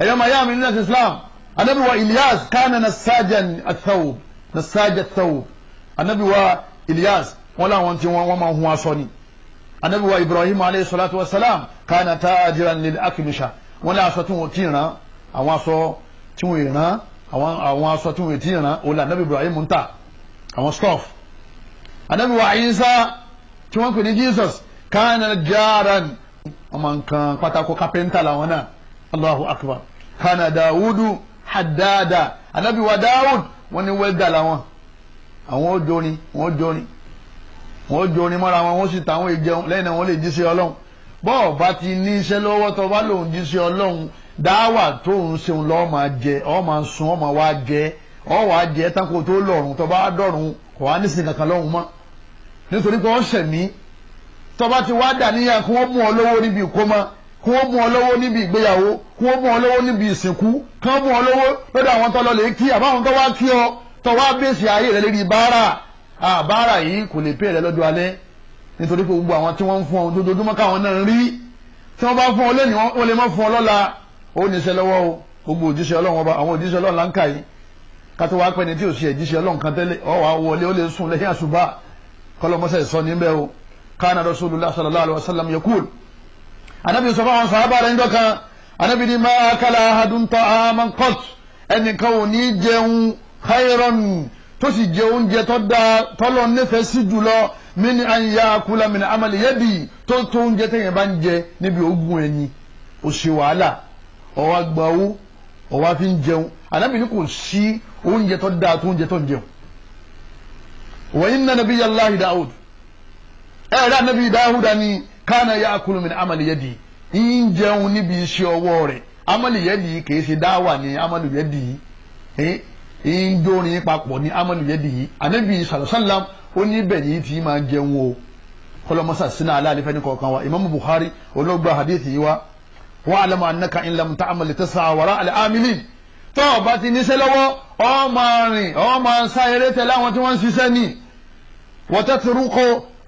ẹ̀yọ́ máa yá mi nínú Islam anabi wa Ilyas na nasajan athawb na athawb anabi wa Ilyas wọn làwọn tí wọn wọn máa hun aṣọ ni anabi Ibrahim alayhi salatu wa salam kánà tajiran lil akibisha wọn lé aṣọ tí wọn ti ràn àwọn aṣọ tí wọn ràn àwọn aṣọ tí wọn ti ràn òun là anabi Ibrahim ń ta àwọn stuff anabi wa Isa tí wọn pè ní Jesus كان jaran ọmọ nǹkan pátákó kápẹ́ńtà làwọn الله أكبر كان داود حدادا النبي وداود wa dawud wọ́n ní wẹ́dà làwọn àwọn ó jórin wọ́n ó jórin wọ́n ó jórin mọ́ra wọn wọ́n sì táwọn ìjẹun lẹ́yìn náà wọ́n lè jíṣẹ́ ọlọ́run bọ́ọ̀ bá ti ní iṣẹ́ lọ́wọ́ tó bá lòun jíṣẹ́ ọlọ́run dáwà tó ń ṣeun lọ́ọ́ máa jẹ ọ́ máa sun ọ́ máa wá jẹ ọ́ wàá jẹ tako tó lọ́rùn tó bá dọ̀rùn kò wá nísìnyí kankan lọ́hùn mọ́ nítorí pé wọ́n ṣẹ̀mí tọba ti wá dà níyà kí wọ́n mú ọ lọ́wọ́ níbi ìkómọ kí wọ́n mú ọ lọ́wọ́ níbi ìgbéyàwó kí wọ́n mú ọ lọ́wọ́ níbi ìsìnkú kí wọ́n mú ọ lọ́wọ́ lọ́dọ̀ àwọn tó lọ lè kí àbáwọn tó wá kí ọ tó wá bèsì ayé rẹ lérí báárà àbáárà yìí kò lè pè rẹ lọ́dọ̀ alẹ́ nítorí pé gbogbo àwọn tí wọ́n ń fún ọ dojoojúmọ́ káwọn náà rí tí wọ́n bá fún ọ lónìí wọ́n lè má fún ọ lọ́la ó níṣẹ́ lọ́wọ́ o gbogbo òjíṣẹ́ ọlọ́run ọba àwọn òjíṣẹ́ ọlọ́run là ń kà yìí kátó wàá pẹ́ni tí ò ṣe òjíṣẹ́ ọlọ́run kan tẹ́lẹ̀ ọ wàá wọlé ó lè sùn lẹ́yìn àṣùbà kọ́lọ́mọṣẹ́ ìsọ níbẹ̀ o kana rasulullah sallallahu alaihi wasallam yakul anabi sọ fáwọn sàábà rẹ̀ ńjọ́ kan anabi ni máa kala ahadun ta'aman qat ẹnìkan ò ní jẹun khairan tó sì jẹ oúnjẹ tó dáa tọ́lọ́ nífẹ̀ẹ́ sí jùlọ mini an ya kula mini amali yadi tó tó oúnjẹ téèyàn bá ń jẹ níbi ogun ẹni ó ṣe wàhálà ọwọ́ agbawo ọwọ́ afi ń jẹun ànábì ní kò sí oúnjẹ tó dáa tó oúnjẹ tó ń jẹun. wa inna nabiyyallahi Dawud ẹ̀rọ anabi dáhùdà ni kánà yà kúlù mi ní amaliyadi ń jẹun níbi iṣẹ́ ọwọ́ rẹ̀ amaliyadi kìí ṣe dáwà ní amaliyadi ń jórin papọ̀ ní amaliyadi anabi sàlọ́sàlám ó ní bẹ̀yìn tí máa jẹun o kọlọmọsà sínú aláàlẹ́ fẹ́ni kọ̀ọ̀kan wa imam buhari olóògbà hadith yìí wa wa'lam annaka in lam ta'mal tas'a wara al-amilin tó o bá ti níṣẹ́ lọ́wọ́ ọ máa rìn ọ máa sá eré tẹ̀lé àwọn tí wọ́n ń ṣiṣẹ́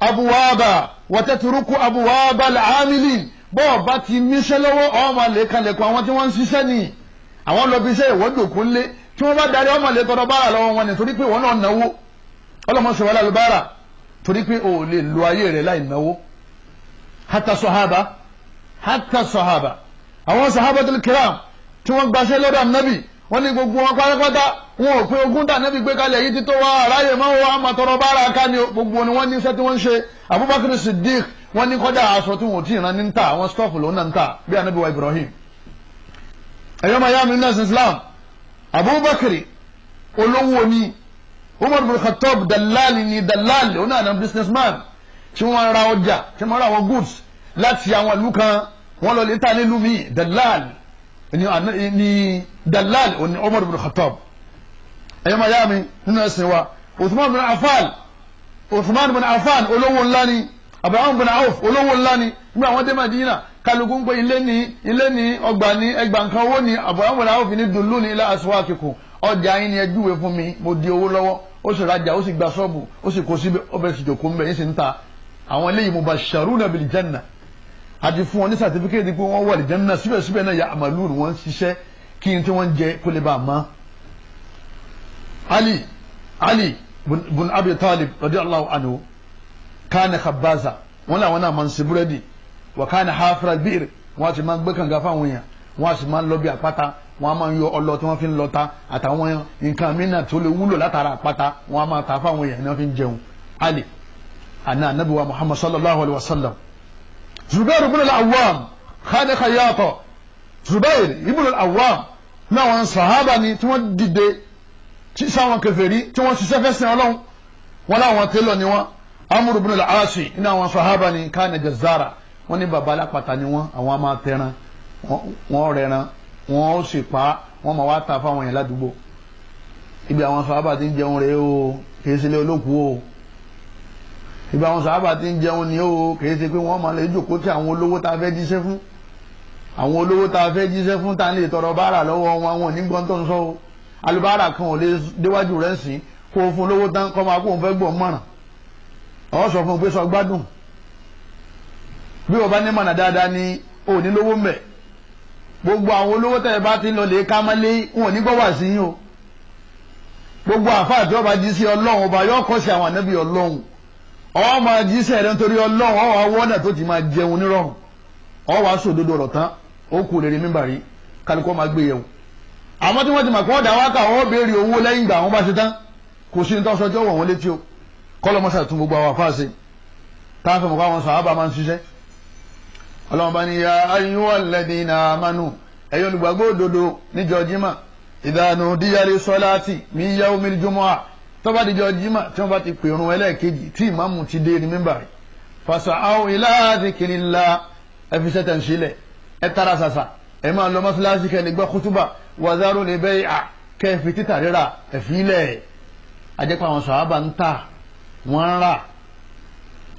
abuwaaba wàtẹ́tùrúkú abuwaaba làámìlì bọ́ọ̀ bá ti níṣẹ́ lọ́wọ́ ọmọ àlékalẹ̀kùn àwọn tí wọ́n ń ṣiṣẹ́ nìyí àwọn lọ bí iṣẹ́ ìwọ́dòkú ńlé tí wọ́n bá darí ọmọ àlékalẹ̀ tọrọ bára lọ́wọ́ wọn ni torí pé wọ́n náà náwó ọlọ́mọṣẹ́ wàhálà lùbára torí pé o lè lo ayé rẹ̀ láì náwó hata sọ̀hábà hata sọ̀hábà àwọn sọ̀hábà tó kíram tí wọ́n gbaṣẹ́ lọ́dọ̀ wọ́n ní gbogbo wọn pátápátá wọn ò pé ogún tà nẹ́bí gbé kalẹ̀ yìí ti tó wá aráyè mọ́ wa àmàtọ̀rọ̀ bára ká ni gbogbo ni wọ́n ní iṣẹ́ tí wọ́n ń ṣe Abubakar Siddiq wọ́n ní kọ́dà aṣọ tí wọ́n ti ràn ní ta àwọn stọ́ọ̀fù ló ń nà ń ta bí anabi wa Ibrahim ẹ̀yọ́ máa yá mi nínú ẹ̀sìn Islam Abubakar olówó ni Umar bin Khattab dalali ni dalali ó náà nà businessman tí wọ́n ra ọjà tí wọ́n ra àwọn goods láti àwọn ìlú kan wọ́n lọ lè ta nílùú mi dalali ni ni dalal oni Umar bin Khattab ẹyẹ ma yaami nínú ẹsìn wa Uthman bin Affan Uthman bin Affan olówó ńlá ni Abraham bin Auf olówó ńlá ni nígbà wọn dé Madina kálukú ń pè ilé ní ilé ní ọgbà ní ẹgbà nǹkan owó ní Abraham bin Auf ní dùlú ní ilá aswakikum ọjà yín ni ẹ fún mi mo di owó lọ́wọ́ ó sì rajà ó sì gba ṣọ́ọ̀bù ó sì kó síbẹ̀ ó bẹ̀rẹ̀ sì jòkó ń bẹ̀ yín sì ń ta àwọn eléyìí mubashsharuna bil janna àti fún wọn ní sàtífíkẹ́tì pé wọ́n wà lìjẹ́ náà síbẹ̀síbẹ̀ náà yà àmàlù ni wọ́n ń ṣiṣẹ́ kí n tí wọ́n jẹ kó lè bá a mọ́. ali ali bun abi talib radiyallahu anhu kana khabaza wọn làwọn náà máa ń ṣe búrẹ́dì wà kana hafra bíir wọn a sì máa ń gbé kànga fáwọn èèyàn wọn a sì máa ń lọ bí àpáta wọn a máa ń yọ ọlọ tí wọn fi ń lọ ta àtàwọn nǹkan mìíràn tó lè wúlò látara àpáta wọn a máa ta fáwọn èèyàn ní wọn fi ń jẹun ali àná anabiwa muhammad sallallahu alayhi wa sallam Zubair ibn al-Awwam khani khayatọ Zubair ibn al-Awwam náà wọn sàhábà ni tí wọ́n dìde tí sáwọn kèfèrí tí wọ́n ṣiṣẹ́ fẹ́ sin Ọlọ́run wọn láwọn télọ̀ ni wọn Amr ibn al-Aasi iná àwọn sàhábà ni kana jazzara wọ́n ní baba alápàtà ni wọn àwọn máa tẹran wọ́n rẹran wọ́n ó sì pa wọ́n máa wá ta fáwọn yẹn ládùúgbò ibi àwọn sàhábà ti ń jẹun rèé o kì í sílé olókùú o ìgbà àwọn sàábà ti ń jẹun ni ó kìí ṣe pé wọ́n máa lè jòkó tí àwọn olówó tá a fẹ́ jíṣẹ́ fún àwọn olówó tá a fẹ́ jíṣẹ́ fún tá a lè tọrọ báárà lọ́wọ́ wọn àwọn onígbọ́n tó ń sọ o alubáárà kan ò lè déwájú rẹ̀ sìn kó o fún olówó tán kọ́ máa kó o fẹ́ gbọ́ mọ̀ràn ọ̀ sọ fún un pé sọ gbádùn bí o bá ní mọ̀nà dáadáa ni o ní lówó mbẹ̀ gbogbo àwọn olówó tẹ̀ bá ti lọ lè ká mọ́lé wọn ní gbọ́ wà sí yín o gbogbo àfáà tí wọ́n bá jí sí ọlọ́run ọba yóò kọ́ sí àwọn ànábì ọlọ́run ọ máa jíṣẹ́ rẹ nítorí ọlọ́run ọ wá wọ́nà tó ti máa jẹun nírọ̀rùn ọ wá sòdodo ọ̀rọ̀ tán ó kù lè rí mímbà rí kálukọ́ máa gbé yẹ̀wò àmọ́ tí wọ́n ti mọ̀ pé ọ̀dà wákà wọ́n béèrè owó lẹ́yìn ìgbà wọn bá ṣe tán kò sí ní tọ́sọ wọ̀ wọ́n létí o kọ́lọ́mọṣà tún gbogbo àwọn afáàṣe táwọn fẹ́ mọ̀ pé àwọn sàábà máa ń ṣiṣẹ́ ọlọ́run bá ní ya tọ́ba dìjọ jimá tí wọ́n bá ti pèrún ẹlẹ́ẹ̀kejì tí ìmáàmù ti dé ní mímbà rẹ̀ fàṣà àwọn ilá àdìkìrìlá ẹ fi sẹ́tẹ̀ ń sílẹ̀ ẹ tara ṣàṣà ẹ máa lọ mọ́ṣáláṣí kẹ́ni gbọ́ kútúbà wàzárò ní bẹ́ẹ̀ à kẹ́ẹ̀fì títà rírà ẹ̀fílẹ̀ ajẹ́pọ̀ àwọn sàhábà ń tà wọ́n ń rà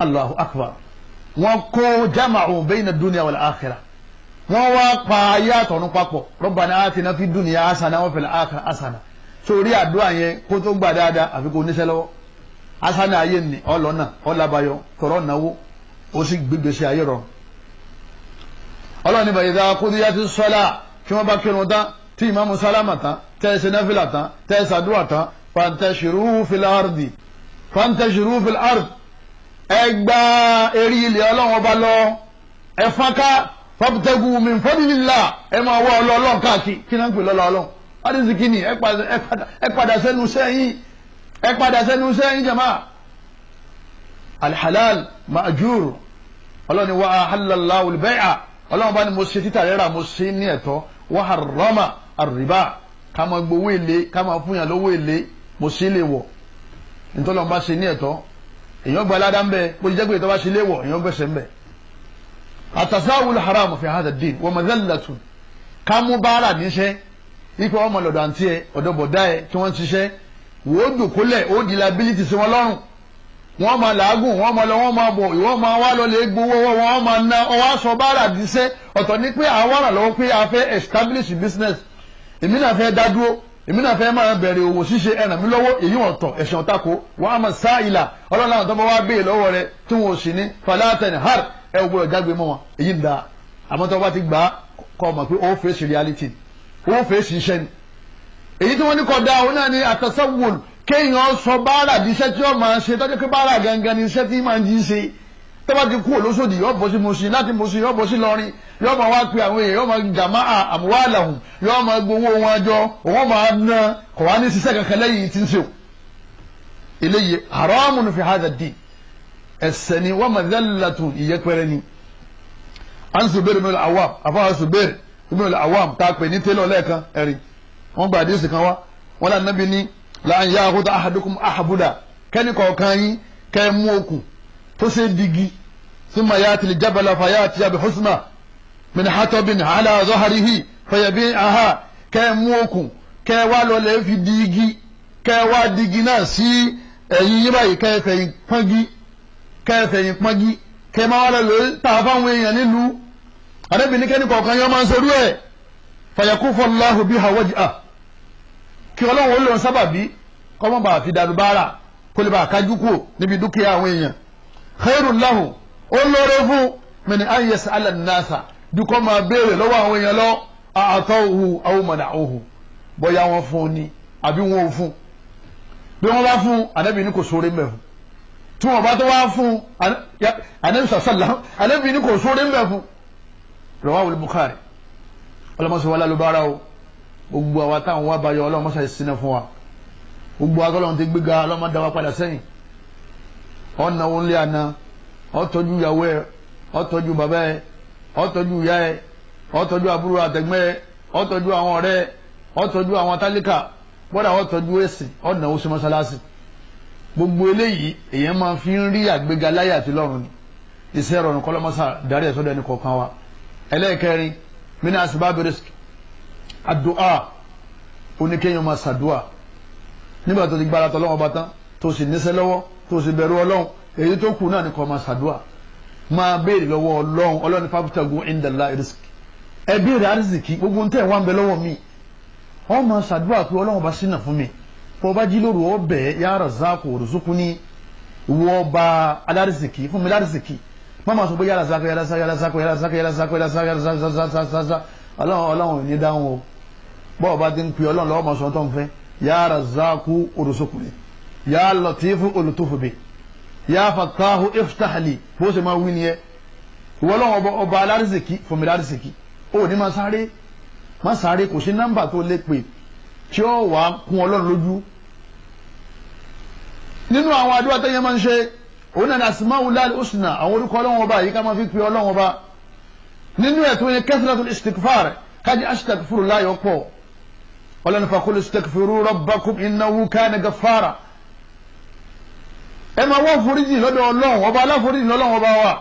allahu akbar wọ́n kó jama'u bayna dunya torí àdúrà yẹn kó tó gbà dáadáa àfi kó níṣẹ́ lọ́wọ́ asana ayé ni ọlọ́nà ọlábayọ tọrọ náwó ó sì gbégbèsè ayé rọ ọlọ́ọ̀ni bàyẹ̀dá kúndíyà ti sọ́lá kí wọ́n bá kírun tán tí ìmáàmù sálámà tán tẹ́sẹ̀ náfìlà tán tẹ́sẹ̀ àdúrà tán fantashiru fil ardi fantashiru fil ẹ gba eré ilẹ̀ ọlọ́wọ́n bá lọ ẹ fọ́nká fọ́pútẹ́gù min fadlillah ẹ máa wọ arísìkí ni ẹ padà sẹ́nu sẹ́yìn ẹ padà sẹ́nu sẹ́yìn jama alhalal ma'jur ọlọ́ni wa ahallallahu al-bay'a ọlọ́run bá ní mo ṣe títà rírà mo ṣe ní ẹ̀tọ́ wa harrama ar-riba ká máa gbowó èlé ká máa fún yàn lówó èlé mo ṣe lè wọ̀ nítorí wọn bá ṣe ní ẹ̀tọ́ èèyàn gba aládá ń bẹ bó jẹ́ pé ìtọ́ bá ṣe lé wọ̀ èèyàn gbẹ̀sẹ̀ ń bẹ. àtàsáwùl haram fi hàdà dín wọ́n mọ̀dẹ́lẹ̀tù ká mú báárà níṣẹ́ ipe ọmọ lọ́dọ̀ àǹtí ẹ ọ̀dọ̀ bọ̀dá ẹ tí wọ́n ń ṣiṣẹ́ wò ó dòkólẹ̀ ó di liability sí wọn lọ́rùn wọ́n máa làágùn wọ́n máa lọ wọ́n máa bọ̀ ìwọ́n máa wá lọ lè gbowó wọn wọ́n máa ná ọwọ́ aṣọ báárà díṣẹ́ ọ̀tọ̀ ni pé àwọn àrà pé a fẹ́ establish business èmi náà fẹ́ dá dúró èmi náà fẹ́ máa bẹ̀rẹ̀ òwò ṣíṣe ẹ̀ràn mi lọ́wọ́ èyí wọ́n tọ̀ ẹ̀sìn ọ̀tako wọ́n á máa sá ìlà ọlọ́run àwọn tó wá béè lọ́wọ́ rẹ tí wọn ò sì ní falátẹ̀ni har ẹ̀ ò gbọ́dọ̀ jágbe mọ́ wọn èyí ń da àmọ́ tó ti gbà á kọ́ ọ reality wọ́n fèsì iṣẹ́ ni èyí tí wọ́n ní kódà òun náà ni àtẹ̀sẹ́wòl kéèyàn sọ báárà di iṣẹ́ tí ó máa ṣe tọ́jú pé báárà gangan ni iṣẹ́ tí máa ń jí ṣe tó ti kú olóṣòdì yóò bọ́ sí Mùṣín láti Mùṣín yóò bọ́ sí lọ́rin yóò máa wá pe àwọn èèyàn yóò máa jàmá àmúwàlàhùn yóò máa gbowó wọn jọ òun máa ná kò wá ní ṣiṣẹ́ kankan lẹ́yìn tí ń ṣe o eléyìí haramun fi hadha din ẹ̀ṣẹ̀ ni wa madhallatun ìyẹpẹrẹ ni an Zubair ibn al-Awwam àfọwọ́ ibùdó la awam tá a pè ní télọ̀ lẹ́ẹ̀kan ẹ̀rí wọ́n gba àdéhùn kan wá wọ́n lànà bí ní láàyè ya'khudha ahadukum ahabuda kẹ́ni kọ̀ọ̀kan yín kẹ́ ẹ mú okùn tó ṣe digi thumma ya'ti al-jabala fa ya'tiya bi husma min hatabin ala zahrihi fa yabi'aha kẹ́ ẹ mú okùn kẹ́ ẹ wá lọ lẹ́ẹ̀ fi di igi kẹ́ ẹ wá di igi náà sí ẹ̀yìn yín báyìí kẹ́ ẹ fẹ̀yìn pọ́ngi kẹ́ ẹ fẹ̀yìn pọ́ngi kẹ́ ẹ máa wá lọ àdébì ní kẹ́ni kọ̀ọ̀kan yẹn máa ń serú ẹ̀ fàyàkú fọláhù bí hawaj a kí ọlọ́run olóòrùn sábàbí kọ́mọ́ bá fi dànù bára kó lè bá kájú kúrò níbi dúkìá àwọn èèyàn khairun lahu ó lóore fún mẹni ayẹsẹ alànàṣà dukọ́ máa béèrè lọ́wọ́ àwọn èèyàn lọ àtọ́ òhu àwòmọ̀nà òhu bọ́yá wọn fún un ni àbí wọn ò fún bí wọn bá fún ànábì ní kò sóore mbẹ fún tí wọn bá tó wá fún ànábì sàṣàlá ànábì ní kò sóore mbẹ fún rọwáwò Bukhari ọlọmọsọ wa lálùbárà o gbogbo àwa táwọn wá bayọ ọlọmọsọ ìsinà fún wa gbogbo akọlọ́run ti gbéga ọlọmọdé wa padà sẹ́yìn ọ̀nà òun lé àná ọ̀tọ́jú ìyàwó ẹ̀ ọ̀tọ́jú bàbá ẹ̀ ọ̀tọ́jú ìyá ẹ̀ ọ̀tọ́jú àbúrò àtẹ̀gbẹ́ ẹ̀ ọ̀tọ́jú àwọn ọ̀rẹ́ ẹ̀ ọ̀tọ́jú àwọn tálíkà bọ́dà ọ̀tọ́jú ẹ̀sìn ọ̀nà òun sí mọ́sálásì gbogbo eléyìí èèyàn máa fi ń rí àgbéga láyé àti lọ́run ni iṣẹ́ ìrọ̀rùn dárí ẹ̀ sọ́dọ̀ kọ̀ọ̀kan wa ẹlẹ́ẹ̀kẹrin mina asibabi risk adu'a oníkéyàn máa ṣàdúà nígbà tó ti gbára tọ́ lọ́wọ́ bá tán tó sì níṣẹ́ lọ́wọ́ tó sì bẹ̀rù ọlọ́run èyí tó kù náà ni kò máa ṣàdúà máa béèrè lọ́wọ́ ọlọ́run ọlọ́run fàbùtàgùn indala risk ẹ béèrè arísìkì gbogbo ntẹ̀ wà ń bẹ lọ́wọ́ mi ọ máa pé ọlọ́run bá sínà fún mi kó jí lóru ọ yára zákò òrùsùkú ní ìwọ ọba alárísìkì fún mi lárísìkì wọ́n máa sọ pé yàrá sáko yàrá sáko yàrá sáko yàrá sáko yàrá sáko yàrá sáko yàrá sáko yàrá sáko ọlọ́run ọlọ́run ò ní dáhùn o bọ́ọ̀ bá ti ń pè ọlọ́run lọ́wọ́ máa sọ tó ń fẹ́ yàrá sáko orosokùnrin yà lọtífù olùtúfùbì yà fàtàhù iftahli bó ṣe máa wí ni ẹ ìwọlọ́wọ́ ọba ọba alárìsìkì fòmìlà àrìsìkì ó ní máa sáré máa sáré kò sí nọ́mbà tó lè pè tí ó wàá kún ọlọ́run lójú nínú àwọn àdúrà tẹ́yẹ máa ń ṣe òun náà asmaul husna àwọn orúkọ ọlọ́run ọba yìí ká máa fi pe ọlọ́run ọba nínú ẹ̀ tó yẹ kathratul istighfar kájí astaghfirullah yọ pọ̀ ọlọ́run faqul istaghfiru rabbakum innahu kana ghaffara ẹ máa wọ́n foríjì lọ́dọ̀ ọlọ́run ọba aláforíjì lọ́lọ́run ọba wa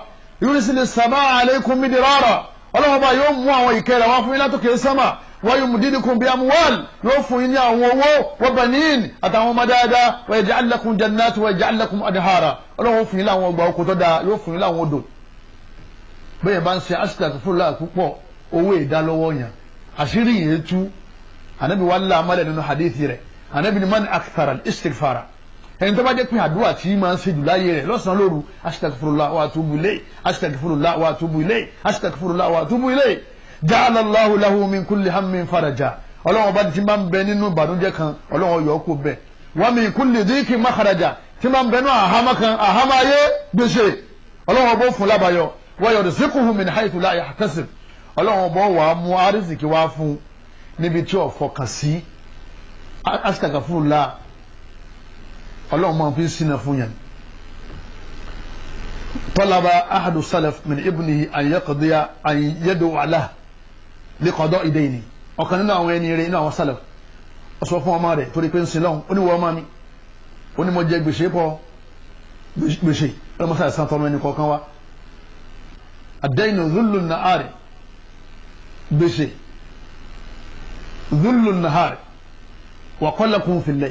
yurisil samaa alaykum midrara ọlọ́run ọba yóò mú àwọn ìkẹrẹ wá fún yín látòkè sánmà wọ́n yóò mú dídì kún bí amúwọ́l yóò fún yín ní àwọn owó wọ́n banin àtàwọn ọmọ dáadáa wa yaj'al lakum jannat wa yaj'al lakum adhara ọlọ́run fún yín láwọn ọgbà oko tó dáa yóò fún yín láwọn odò bẹ́ẹ̀ bá ń ṣe asitak fúlà púpọ̀ owó ìdálọ́wọ́ yẹn àṣírí yẹn tú anabi wa la amalẹ nínú hadithi rẹ anabi ni man akitara istighfara ẹni tó bá jẹ́ pé àdúrà tí máa ń ṣe jù láyé rẹ̀ lọ́sàn-án lóru asitakifurula wa atubu ilé asitakifurula wa atubu ilé asitakifurula wa atubu ilé jaala allahu lahu min kulli hammin faraja ọlọ́wọ́n bá ti máa ń bẹ nínú ìbànújẹ́ kan ọlọ́wọ́n yọ ọ́ kó bẹ́ẹ̀ wa min kulli dhiki makharaja tí máa ń bẹnu àhámá kan àhámá ayé gbèsè ọlọ́wọ́n bó fún lábàáyọ wọ́n yọ̀dọ̀ síkùhù min haythu la yahtasib ọlọ́wọ́n bó wàá mú arísìkí wá fún níbi tí ò fọkàn sí asitaka fún la ọlọ́wọ́n máa fi sínà fún yẹn. tọ́lába ahadu salaf min ibnihi an yaqdiya an yad'a lahu ọ̀kan nínú àwọn ẹni rẹ̀ nínú àwọn salaf ọ̀sọ̀ fún ọmọ rẹ̀ torí pé ń sin lọ́hùn ó ní wọ́n máa mi ó ní mo jẹ gbèsè pọ̀ gbèsè ọlọmọsá ìsàn tọmọ ẹni kọ̀ọ̀kan wa àdéhìn zulu nàárẹ gbèsè zulu nàárẹ wà kọlẹkùn fìlẹ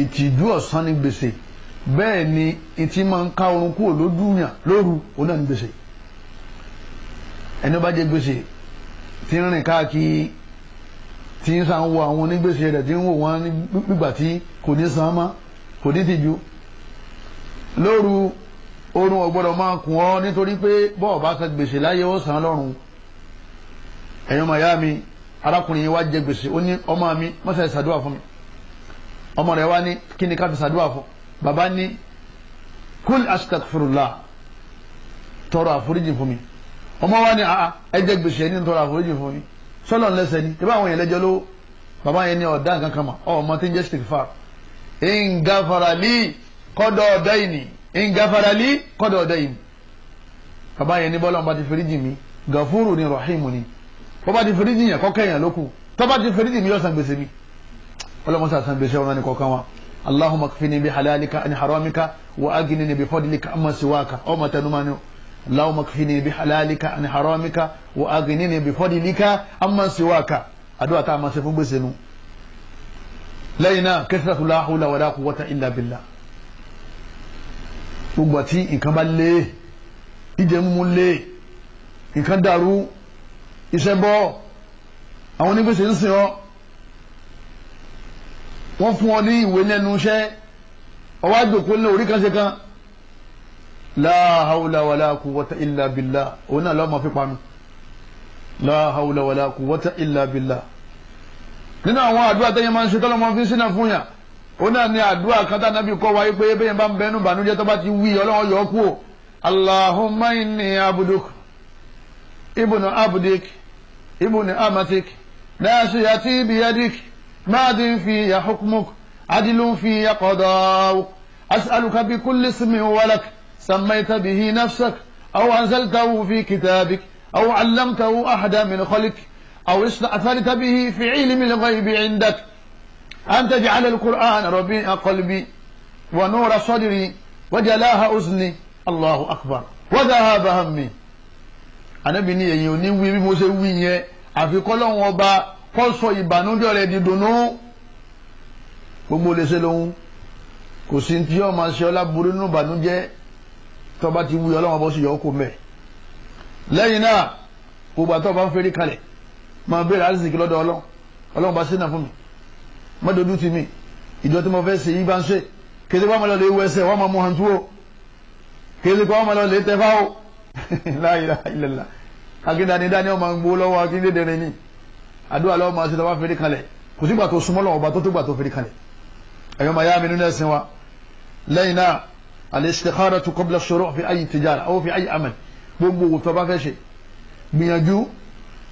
ìtìjú ọ̀sán ni gbèsè bẹ́ẹ̀ ni ìtì máa ń ká orun kúrò lójú lóru òun náà gbèsè ẹni bá jẹ gbèsè tí ń rìn káàkiri tí ń san wo àwọn onígbèsè rẹ̀ tí ń wò wọ́n nígbà tí kò ní san mọ́ kò ní tìjú lóru oorun ọ̀gbọ́dọ̀ máa kùn ọ́ nítorí pé bọ́ọ̀ bá san gbèsè láyé ó san lọ́run ẹ̀yin ọmọ ìyá mi arákùnrin yìí wá jẹ gbèsè ó ní ọmọ mi mọ́sẹ̀ ṣàdúrà fún mi ọmọ rẹ̀ wá ní kí ni ká fi ṣàdúrà fún bàbá ní kúl astaghfirullah tọrọ àforíjì fún mi ọmọ wa ní ẹ jẹ gbèsè ní tọrọ àforíjì fún mi sọlọ́n lẹ́sẹ̀ ni ìbá àwọn èèyàn lẹ́jọ́ lówó bàbá yẹn ní ọ̀dá nǹkan kan mà ọmọ tí ń jẹ́ stigfar ńgáfaralí kọ́dọ̀ ọ̀dọ́ ìní ńgáfaralí kọ́dọ̀ ọ̀dọ́ ìní bàbá yẹn ní bọ́lá ọba ti feríjì mi gàfúrù ni rahimu ni bọ́ba ti feríjì yẹn kọ́kẹ́ yẹn lókù tọ́ba ti feríjì mi yóò san gbèsè mi ọlọ́mọsá san gbèsè ọ̀nà ni kọ̀ọ̀kan wa allahumma kfini bi halalika ani haramika wa aginini bi fadlika amma siwaka ọmọ tẹnumani o اللهم اكفني بحلالك عن حرامك واغنني بفضلك عمن سواك àdúrà tá a máa ṣe fún gbèsè nu ولا náà kẹsìlátù la hawla wala quwwata illa billah gbogbo àti nǹkan bá lé ìjẹ mímú lé nǹkan dàrú iṣẹ́ bọ́ àwọn onígbèsè ń sìn ọ́ wọ́n fún ọ ní ìwé lẹ́nu iṣẹ́ ọwọ́ àjòkó lé orí kan ṣe kan la hawla wala quwwata illa billah òun náà lọ́mọ fipá mi la hawla wala quwwata illa billah nínú àwọn àdúrà tẹ́yẹ máa ń ṣe tọ́lọ́mọ fi sínú fún yà òun náà ni àdúrà kan tá ànábì kọ́ wa pé bẹ́yẹn bá ń bẹnu bànújẹ́ tó bá ti wí ọlọ́run yọ ọ́ kú o allahumma inni abuduk ibnu abdik ibnu amatik ناشيتي بيدك ماد في حكمك عدل في قضاؤك أسألك بكل اسم ولك سميت به نفسك أو أنزلته في كتابك أو علمته أحدا من خلقك أو استأثرت به في علم الغيب عندك أن تجعل القرآن ربيع قلبي ونور صدري وجلاها أذني الله أكبر وذهاب همي أنا بني يوني ò ní wí bí mo ṣe wí yẹn àfi kọ́lọ́hún ọba kó sọ ìbànújẹ́ ما di dùnú gbogbo lè جي tọba ti wúyọ ọlọ́wọ́n bó sì yọ ọkọ mẹ́ lẹ́yìn náà gbogbo àtọ́ bá ń ferí kalẹ̀ máa béèrè àrísìkí lọ́dọ̀ ọlọ́run ọlọ́run bá sínà fún mi má dojú ti mi ìjọ tí mo fẹ́ ṣe yí bá ń ṣe kéde wọ́n máa lọ lè wọ ẹsẹ̀ wọ́n máa mú hàn tú kéde kọ́ wọ́n máa lọ lè tẹ́fá o la ilaha illallah akíndani dání ọmọ gbó lọ́wọ́ akíndédèrè ni àdúrà lọ́wọ́ máa ṣe tọ́ bá ferí kalẹ̀ kò sígbà tó al-istikharatu qabla ash-shuru' fi ayyi tijara aw fi ayyi amal gbogbo òwò tó bá fẹ́ ṣe gbìyànjú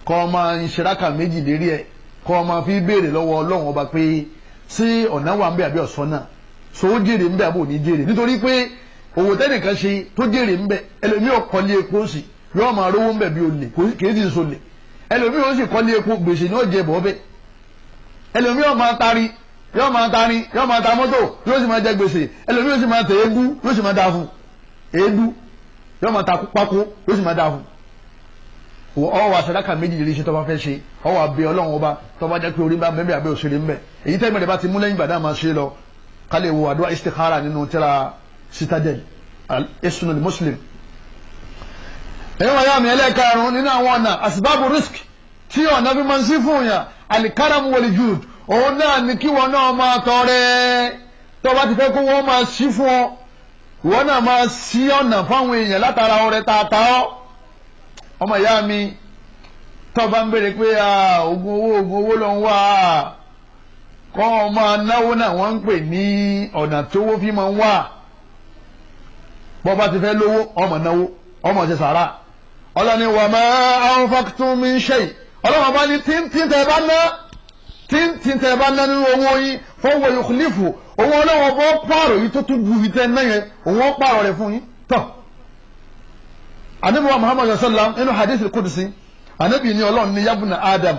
kọ́ ọ máa ń ṣeraka méjì lérí ẹ̀ kọ́ ọ máa fi béèrè lọ́wọ́ ọlọ́run ọba pé sí ọ̀nà wà ń bẹ àbí ọ̀sán náà so ó jèrè ń bẹ àbò ní jèrè nítorí pé òwò tẹ́nìkan ṣe tó jèrè ń bẹ ẹlòmíì ò kọ́lé epo sì yóò máa rówó ń bẹ bí olè kìí sì so lè ẹlòmíì ó sì kọ́lé epo gbèsè ní ọ̀jẹ̀ bọ́ bẹ́ẹ̀ ẹlòmíì ò máa tari yóò máa ta ni yóò máa ta mọ́tò yóò sì máa jẹ gbèsè ẹlòmíì yóò sì máa tẹ eégú yóò sì máa da fún eédú yóò máa ta pákó yóò sì máa da fún. ọ wà sadaka méjìléláṣẹ tó bá fẹ́ ṣe ọ wà ọlọ́run ọba tó jẹ́ pé orí bá bẹ́ẹ̀ abẹ́ òṣèré ńbẹ èyí tẹ́gbẹ̀rẹ̀ bá ti mú lẹ́yìn gbàdá máa ṣe lọ ká lè wo àdúrà istikhara nínú tírà citadel esunul muslim. ẹ̀yọ́ ya mi ẹlẹ́ẹ̀karùn-ún nínú àwọn ọ̀nà asbabu risk tí ọ̀nà fi máa ń sí fún yàn alikaramu wal jud òun náà ni kí wọn náà máa tọrẹ tó bá ti fẹ́ kó wọ́n máa fún ọ wọn náà máa ṣí ọ̀nà fáwọn èèyàn látara ọrẹ tààtà ọ ọmọ ìyá mi tó bá ń béèrè pé oògùn owó oògùn owó ló ń wá kọ́ ọ máa náà wọ́n ń pè ní ọ̀nà tówó fi máa ń wà bá ti fẹ́ lówó ọmọ náwó ọmọ ṣe sàrà ọlọ́ni wàmẹ́ àwọn fàkítùmí ṣe ọlọ́wọ́n bá ní tíntín tẹ́ bá ná. tíntìn tẹ̀ bá ná nínú owó yín fọwọ́ ìlúkúlífù owó ọlọ́wọ́ bọ́ pààrọ̀ yìí tó tún ju ìtẹ́ náà yẹn òun ó pààrọ̀ rẹ̀ fún yín tọ̀. ànábì muhammadu sallam nínú hadith kudusi ànábì ni ọlọ́run ní yabuna adam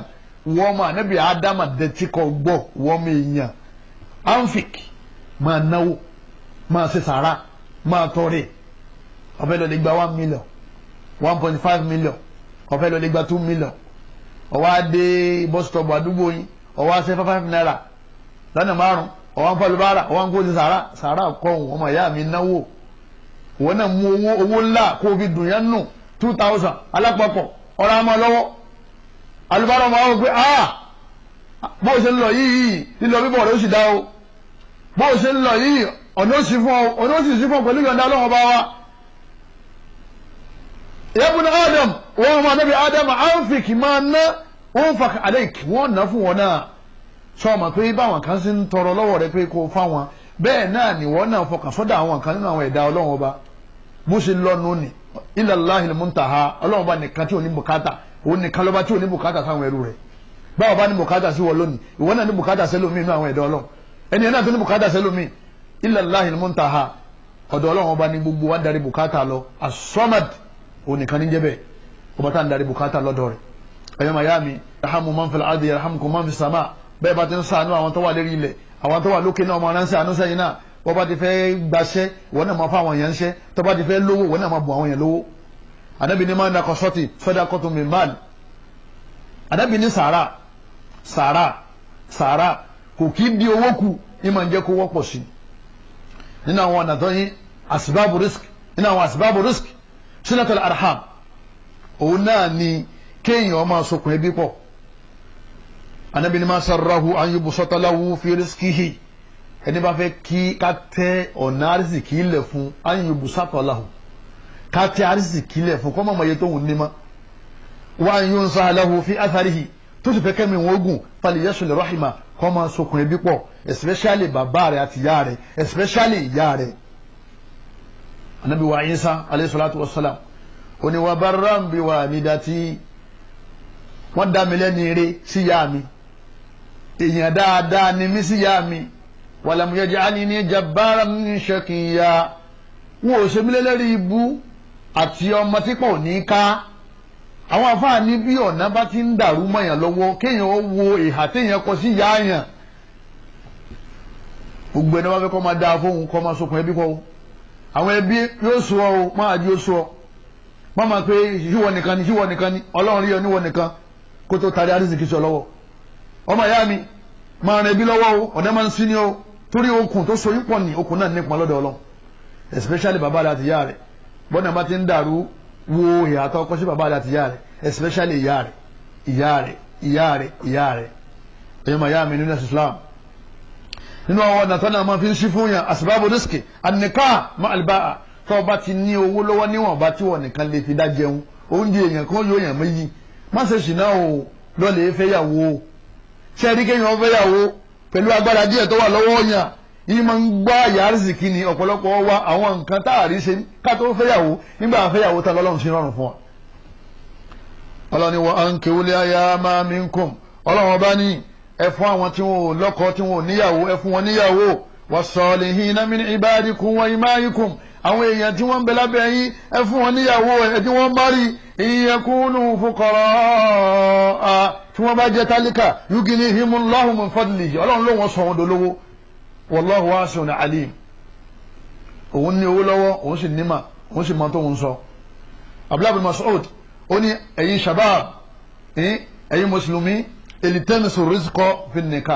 wọ́n mọ ànábì adam àdẹ́tí kọ́ gbọ́ wọ́n mọ èèyàn anfik máa náwó máa ṣe sàrà máa tọrẹ ọ̀fẹ́ lọ́ọ́ lè gba one million one point five million ọ̀fẹ́ lọ́ọ́ lè gba two million ó wá dé bọ́sítọ̀bù àdúgbò yín ọwọ́ aṣẹ five naira lọ́nà márùn ọwọ́ nfọlù bára ọwọ́ nkó ti sàrà sàrà kọ́ òun ọmọ ìyá mi náwó òun náà mú owó owó ńlá kó o fi dùn yẹn nù two thousand alápapọ̀ ọ̀rọ̀ àmọ́ lọ́wọ́ alùbárà ọmọ àwọn pé ah bó o ṣe ń lọ yìí lílọ bíbọ̀ rẹ̀ ó sì dá o bó o ṣe ń lọ yìí ọ̀nà ó fún ọ ọ̀nà ó sí fún ọ pẹ̀lú ìyọ̀ǹda ọlọ́run bá wa yẹ́bùn adam wọ́n ọmọ anábì adam anfik máa ná wọ́n fa alek wọ́n nà fún wọn náà sọ ma pé báwọn kan sì ń tọrọ lọ́wọ́ rẹ pé kó fáwọn bẹ́ẹ̀ náà ni wọ́n náà fọkàn sọ́dọ̀ àwọn kan nínú àwọn ẹ̀dá ọlọ́run ọba bó ṣe lọ́nu ni ilallahi muntaha ọlọ́run ọba nìkan tí ò ní bùkátà òun nìkan lọ́ba tí ò ní bùkátà sáwọn ẹrú rẹ̀ báwo bá ní bùkátà sí wọ lónìí ìwọ náà ní bùkátà sẹ́lómi inú àwọn ẹ̀dá ọlọ́run ẹni náà tó ní bùkátà sẹ́lómi ilallahi muntaha ọ̀dọ̀ ọlọ́run ọba ní gbogbo wa darí bùkátà lọ asọ́mad òun nìkan ní jẹ́bẹ̀ ọba tá ń darí bùkátà lọ́dọ̀ rẹ̀ ẹ̀yọ́ mayami rahamu man fil adi rahamukum man fis sama bẹ́ẹ̀ bá ti ń sànú àwọn tó wà lérí ilẹ̀ àwọn tó wà lókè náà ọmọ ránṣẹ́ àánú sẹ́yìn náà wọ́n bá ti fẹ́ gbaṣẹ́ wọ́n náà máa fún àwọn èèyàn ṣẹ́ tó bá ti fẹ́ lówó wọ́n náà máa bùn àwọn èèyàn lówó anabi ni máa ń dakọ̀ sọ́ọ̀tì sọ́dà kọ́tù min mal anabi ni sàárà sàárà sàárà kò kí di owó kù ní máa ń kó wọ́pọ̀ sí nínú àwọn ọ̀nà tó yín asbabu risk nínú àwọn asbabu risk sinatul arham òun náà ni kéèyàn máa sokùn ẹbí pọ̀ anabi ni ma sarrahu an yubsata lahu fi rizqihi ẹni bá fẹ́ kí ká tẹ ọ̀nà arísìkí lẹ̀ fún an yubsata lahu ká tẹ arísìkí lẹ̀ fún kọ́mọ̀ mọ̀ye tó wù ní ma wa an yunsaha lahu fi atharihi tó sì fẹ́ kẹ́mi wọn ogun falyasil rahima kọ́ máa sokùn ẹbí pọ̀ especially bàbá rẹ̀ àti ìyá rẹ̀ especially ìyá rẹ̀ anabi wa Isa alayhi salatu wa salam oníwàbára ń bi wà nídàtí wọ́n dá mi lẹ́ni eré síyá mi èèyàn dáadáa ni mí síyá mi wàlámù yaj'alni jabbaran shaqiyya wọn ò ṣe mí lẹ́lẹ́rí ibú àti ọmọ tí pọ̀ ní ká àwọn afáàní bí ọ̀nà bá ti ń dàrú mọ̀yàn lọ́wọ́ kéèyàn ó wo ìhà téèyàn kọ sí ìyá yàn gbogbo ẹni wọn fẹ́ kọ́ máa dáa fóun kọ́ máa sokùn ẹbí pọ̀ o àwọn ẹbí yóò sọ ọ máa jí ó sọ ọ máa máa pé ṣíwọ nìkan ni ṣíwọ nìkan ni ọlọ́run rí ọ níwọ nìkan kó tó tari arísìkì sọ lọ́wọ́ ọmọ ìyá mi máa rìn ẹbí o ọ̀dẹ́ máa ń sin ni o torí okùn tó so yín pọ̀ ní okùn náà nípa lọ́dọ̀ ọlọ́run especially baba rẹ̀ àti ìyá rẹ̀ bọ́dà bá ti ń dàrú wo ìyàtọ̀ ọkọ sí bàbá rẹ̀ àti ìyá rẹ̀ especially ìyá rẹ̀ ìyá rẹ̀ ìyá rẹ̀ ìyá rẹ̀ ẹ̀yọ́ màá yá mi nínú Islam nínú àwọn ọ̀nà tọ́nà máa fi ń ṣí fún yàn asbabu rizqi àníká má àlùbáà tó bá ti ní owó lọ́wọ́ níwọ̀n tí wọ́n nìkan lè fi dá jẹun oúnjẹ èèyàn kan yóò yàn méjì má ṣe ṣìnà o lọ́lẹ̀ fẹ́yàwó ṣe rí kéèyàn fẹ́yàwó pẹ̀lú agbára díẹ̀ tó wà lọ́wọ́ yàn yìí ọ̀pọ̀lọpọ̀ wa àwọn nǹkan tá a rí ṣe ká tó fẹ́yàwó nígbà fẹ́yàwó fún wa. ọlọ́ni wa anke wọlé o máa mi o kùn ọlọ́run wọn o àwọn èèyàn tí wọ́n ń bẹ lábẹ́ yín ẹ fún wọn níyàwó ẹ tí wọ́n bá rí ìyẹkùnú fúkọ̀rọ̀ à tí wọ́n bá jẹ́ tálíkà yúgìní himúláhùn mọ́fọ́dìlì ọlọ́run ló wọ́n sọ wọn dolówó wọlọ́hu wá sí ọ̀nà alim òun ní owó lọ́wọ́ òun sì nímà òun sì mọ tó ń sọ abdulhabi masoud ó ní ẹ̀yin shabab ẹ̀yin mùsùlùmí èlìtẹ́nisù rìsíkọ́ fi nìka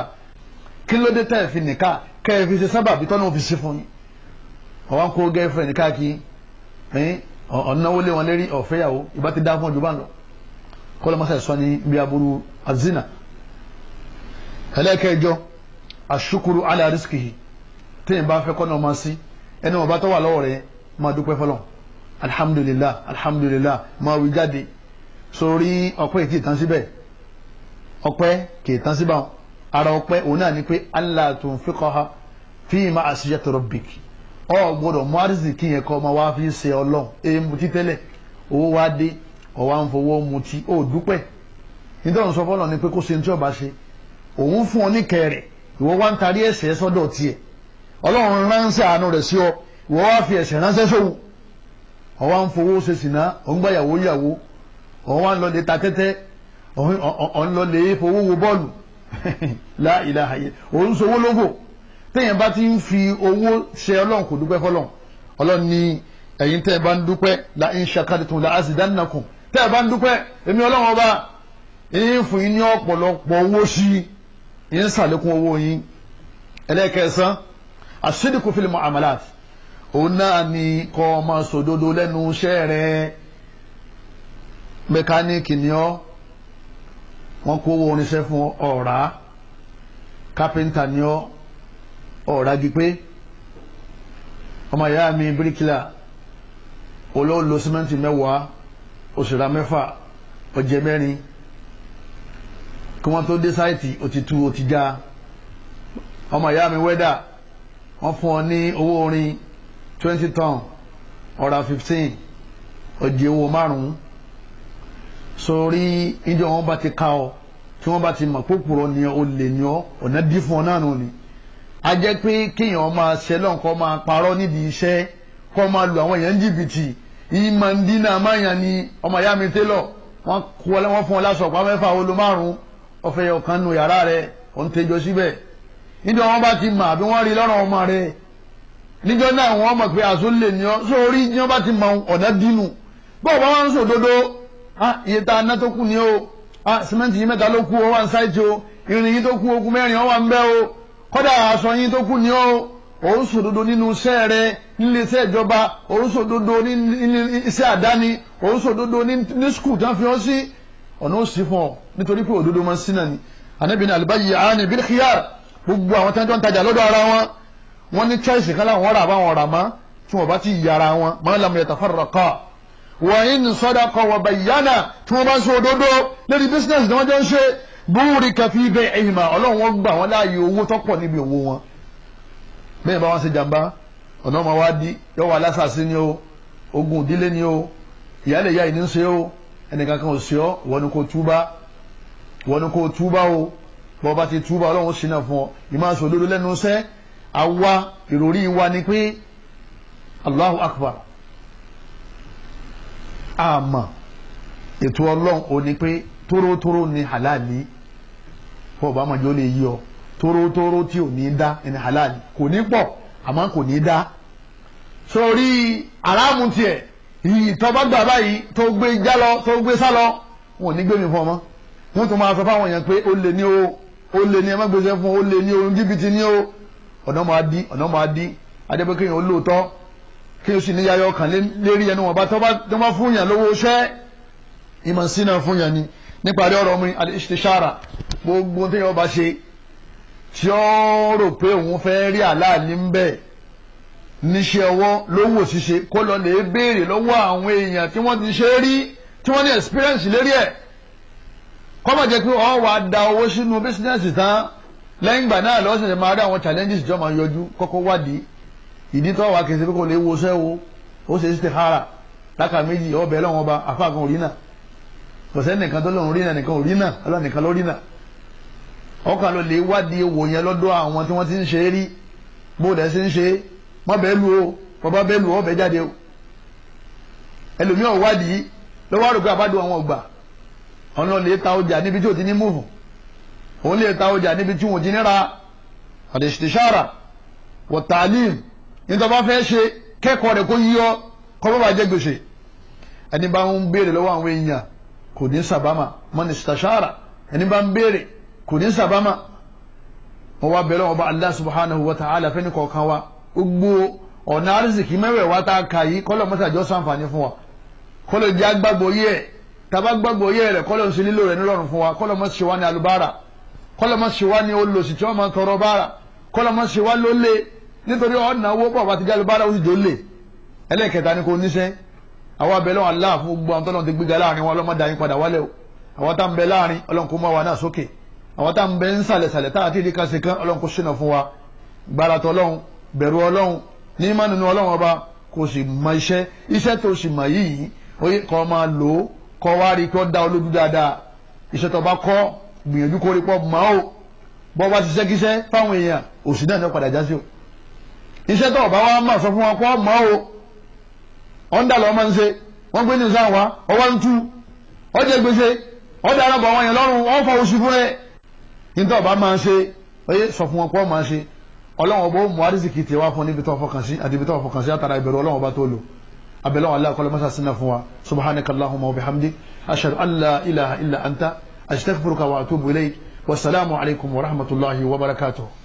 kí ló dé tẹ́ fi nìka kẹ́ ẹ fi ṣe sábàbí tọ́nà òfin sí fún yín ọwọ́n kó girlfriend káàkiri ọ̀nàwó eh, lé wọn lérí ọ̀fẹ́yàwó ìbá ti dá fún ọjọ́ bá ń lọ kọ́lọ́ mọ́sá ní bí aburú azina ẹlẹ́kẹ̀ẹ́jọ asukuru ala risikihi téèyàn bá fẹ́ kọ́nà ọmọ sí ẹni wọn bá tọ́wà lọ́wọ́ rẹ̀ máa dúpẹ́ fọlọ́ alhamdulillah alhamdulillah máa wí jáde sórí ọpẹ́ ètí ìtàn síbẹ̀ ọpẹ́ kì í tán síbà ara ọpẹ́ òun náà ni pé allah tunfiqaha fi ma asiyat rabbiki ọ gbọdọ mú àrísìkí yẹn kọ́ wa fi ṣe ọlọ́run èyí mutí owó wa dé ọ̀wá ń fowó mutí ó dúpẹ́ nítorí sọ fọlọ́ ni pé kó ṣe ní tí ọba ṣe òun fún ọ ní kẹrẹ ìwọ wá ń tarí ẹ̀ṣẹ̀ àánú ọ ìwọ wá fi ẹ̀ṣẹ̀ ránṣẹ́ sóhun ń fowó ṣe yàwó yàwó ọ wá téèyàn bá ti ń fi owó ṣe ọlọ́run kò dúpẹ́ fọlọ́run ọlọ́run ní ẹ̀yin tẹ́ ẹ bá ń dúpẹ́ la ń ṣàkàdìtàn la azidannakum tẹ́ ẹ bá ń dúpẹ́ èmi ọlọ́run ọba yín fún yín ní ọ̀pọ̀lọpọ̀ owó sí i yín sàlékún owó yín ẹlẹ́kẹ̀ẹ́sán àṣídìkú fil mu'amalat òun náà ni kọ́ máa sòdodo lẹ́nu iṣẹ́ rẹ mẹkáníìkì ni ọ́ wọ́n kó owó oníṣẹ́ fún ọ̀rá kápẹ́ńtà ni ọ́ ọ̀rá gi pé ọmọ ìyá mi bíríkìlà olóòlò símẹ́ǹtì mẹ́wàá òṣèrà mẹ́fà ọ̀jẹ̀ mẹ́rin kí wọ́n tó dé sáìtì ó ti ọmọ ìyá mi wẹ́dà wọ́n fún ọ ní owó orin twenty ton ọ̀rá fifteen ọ̀jẹ̀ owó márùn-ún sórí ìjọ wọn bá ti ká ọ tí wọ́n bá ti mọ̀ pópùrọ̀ ni ó lè ní ọ ọ̀nà dí ọ náà nù ni. So, ri, a jẹ́ pé kéèyàn máa ṣẹlọ́n kó máa parọ́ nídìí iṣẹ́ kó máa lu àwọn èèyàn jìbìtì ìmọ̀ ń dínà máyàn ni ọmọ ìyá mi télọ̀ wọ́n kú ọ wọ́n fún ọ láṣọ ọ̀pá mẹ́fà olo márùn-ún ọ̀fẹ́ ọ̀kan nu yàrá rẹ òun tẹjọ síbẹ̀ níjọ́ wọn bá ti mọ̀ àbí wọ́n rí lọ́rọ̀ ọmọ rẹ níjọ́ náà wọ́n mọ̀ pé àsólè ni ọ́ sórí ní wọ́n bá ti mọ ọ̀nà dínú bọ́ọ̀ bá wọn ń sòdodo ah, iye tá a ná tó kù ni o ah, simẹ́ntì yìí mẹ́ta ló kù ó wà ń sáìtì o irin yìí tó kù okùn mẹ́rin ó wà ń bẹ́ o kọ́dà aṣọ yín tó kù ní ó òun sòdodo nínú iṣẹ́ rẹ nílé iṣẹ́ ìjọba òun sòdodo nínú iṣẹ́ àdáni òun sòdodo ní skul tán fi hàn sí ọ̀nà òsì fún ọ nítorí pé òdodo máa ń sí náà ni anabi ní alibayi ani bil khiyar gbogbo àwọn tí ń tajà lọ́dọ̀ ara wọn wọ́n ní choice kan láwọn ọ̀rà àbáwọn ọ̀rà mọ́ tí wọ́n bá ti yàrá wọn máa lamu yatafarraqa wa in sadaqa wa bayyana tí wọ́n bá ń ṣe òdodo lórí business ni wọ́n jọ ń ṣe búrika fi bay'ihima ọlọ́run wọn gbà wọn láàyè owó tọ́pọ̀ níbi òwò wọn bẹ́ẹ̀ bá wọn ṣe jàmbá ọ̀nà ọmọ wa di yọ wà lásàsí ni o ogun ìdílé ni o ìyáálé ìyá ìní ń ṣe o ẹnìkan kan ò ṣe ọ wọ́n ní kò túbá wọ́n ní kò túbá o bọ́ọ̀ bá ti túbá ọlọ́run ṣìnà fún ọ ìmáṣe òdodo lẹ́nu iṣẹ́ àwa ìròrí wa ni pé Allahu Akbar àmọ́ ètò ọlọ́run ò ní pé tórótóró ni halali bọ́ ọba àmọ́jọ́ lè yí ọ tórótóró tí ò ní dá ẹni halal kò ní pọ̀ àmọ́ kò ní dá sórí aráàmù tiẹ̀ iyì tọ́ba gbà báyìí tó gbé já lọ tó gbé sá lọ wọn ò ní gbé mi fún ọmọ wọn tún máa sọ fáwọn èèyàn pé ó lè ní o ó lè ní ẹ gbèsè fún ó lè ní o jìbìtì ní o ọ̀nà máa di ọ̀nà máa di adébẹ́ kéèyàn ó lóòótọ́ kéèyàn sì níyàyọ̀ kàn lérí ẹnu wọn bá tọ́ bá fún yàn lówó iṣẹ́ ìmọ̀ sínú fún yàn ni níparí ọ̀rọ̀ mi al-istishara gbogbo tí yóò bá ṣe tí ó rò pé òun fẹ́ rí àlàálí ń bẹ̀ níṣẹ́ ọwọ́ lówó ṣíṣe kó lọ lè béèrè lọ́wọ́ àwọn èèyàn tí wọ́n ti ṣe rí tí wọ́n ní experience lérí ẹ̀ kọ́mọ̀ jẹ́ pé ọ̀ wá da owó sínú bísíǹsì tán lẹ́yìn ìgbà náà lọ́sẹ̀ ṣe máa rí àwọn challenges jọ máa yọjú kọ́kọ́ wádìí ìdí tó wà kìí ṣe pé kò lè wo ṣẹ́ wo ó ṣe istikhara láka méjì ọbẹ̀ lọ́wọ́n ba àfáàgùn òrìnà kọ̀sẹ́ nìkan tó lòun rí náà nìkan ò rí náà ọlọ́nìkan ló rí náà ọkàn ló lè wádìí wò yẹn lọ́dọ̀ àwọn tí wọ́n ti ń ṣe é rí bóòdà sí ń ṣe é má bẹ́ẹ̀ lu o bàbá bẹ́ẹ̀ lu ọbẹ̀ jáde o ẹlòmíì ọ̀wádìí lọ́wọ́ àrògbé àbádùn àwọn ọgbà òun lọ lè ta ọjà níbi tí ò ti ní múùfù òun lè ta ọjà níbi tí wọn ti ní ra àdèṣìṣàrà wọ̀tàlín nítorí bá fẹ́ ṣe kẹ́kọ̀ọ́ rẹ̀ kó yí ọ kọ́ bá bàjẹ́ gbèsè ẹni bá ń béèrè lọ́wọ́ àwọn èèyàn kò ní sàbámà man istashara ẹni bá ń béèrè kò ní sàbámà wọn wá bẹ̀rẹ̀ ọba Allah subhanahu wa ta'ala fẹ́ni kọ̀ọ̀kan wa gbogbo ọ̀nà arísìkí mẹ́wẹ̀ẹ́ wa tá a kà yìí kọ́lọ̀ mọ́tàjọ́ sàǹfààní fún wa kọ́lọ̀ jẹ́ agbágbó yé ẹ̀ tàbá gbàgbọ́ yé rẹ̀ kọ́lọ̀ sí lílo rẹ̀ nílọ́run fún wa kọ́lọ̀ mọ́ ṣe ní alubára kọ́lọ̀ mọ́ ṣe ní olùsì tí wọ́n máa ń tọrọ bára kọ́lọ̀ mọ́ ṣe lólè nítorí ọ̀nà owó pọ̀ bá ti jẹ́ alubára ó sì jólè ẹlẹ́kẹta ni kò níṣẹ́ àwọn abẹ lọ́wọ́ aláà fún gbogbo àwọn tọ́lọ́n ti gbéga láàrin wọn ọlọ́mọdé ayé padà wálẹ̀ o àwọn tá ń bẹ láàrin ọlọ́run kó mọ́ wa náà sókè àwọn tá ń bẹ ńsàlẹ̀sàlẹ̀ tá àti ìdíkan sí kan ọlọ́run kó ṣìnà fún wa gbàràtọ̀ ọlọ́run bẹ̀rù ọlọ́run ní má nínú ọlọ́run ọba kò sì mọ iṣẹ́ iṣẹ́ tó sì mọ̀ yìí oyè kọ́ máa lò ó kọ́ wá rí kí ó olójú dáadáa iṣẹ́ tó bá kọ́ gbìyànjú kó pọ́ mọ́ o bọ́ bá ṣiṣẹ́ kíṣẹ́ fáwọn èèyàn òsì náà ní padà já o iṣẹ́ tó bá wá mọ̀ sọ fún wọn kọ́ mọ́ o ọ̀ndà lọ́ọ́ máa ń ṣe wọ́n gbé ní sáwọn wa ọwọ́ ń tú ọjẹ́ gbèsè ọ̀dà arábọ̀ àwọn yẹn lọ́rùn wọ́n fọwọ́ sí fún rẹ̀ nítorí ọba máa ń ṣe oyè sọ fún wọn pé wọ́n máa ń ṣe ọlọ́wọ́n bó mú arísìkì tè wá fún níbi tó fọkàn sí àti ibi tó fọkàn sí àtàrà ìbẹ̀rù ọlọ́wọ́n bá tó lò abẹ́lẹ́wọ̀n aláàkọ́ lọ́mọ́sá ashhadu an la illa anta astaghfiruka wa atubu ilayk wasalaamu alaykum wa rahmatulahi wa barakatuh.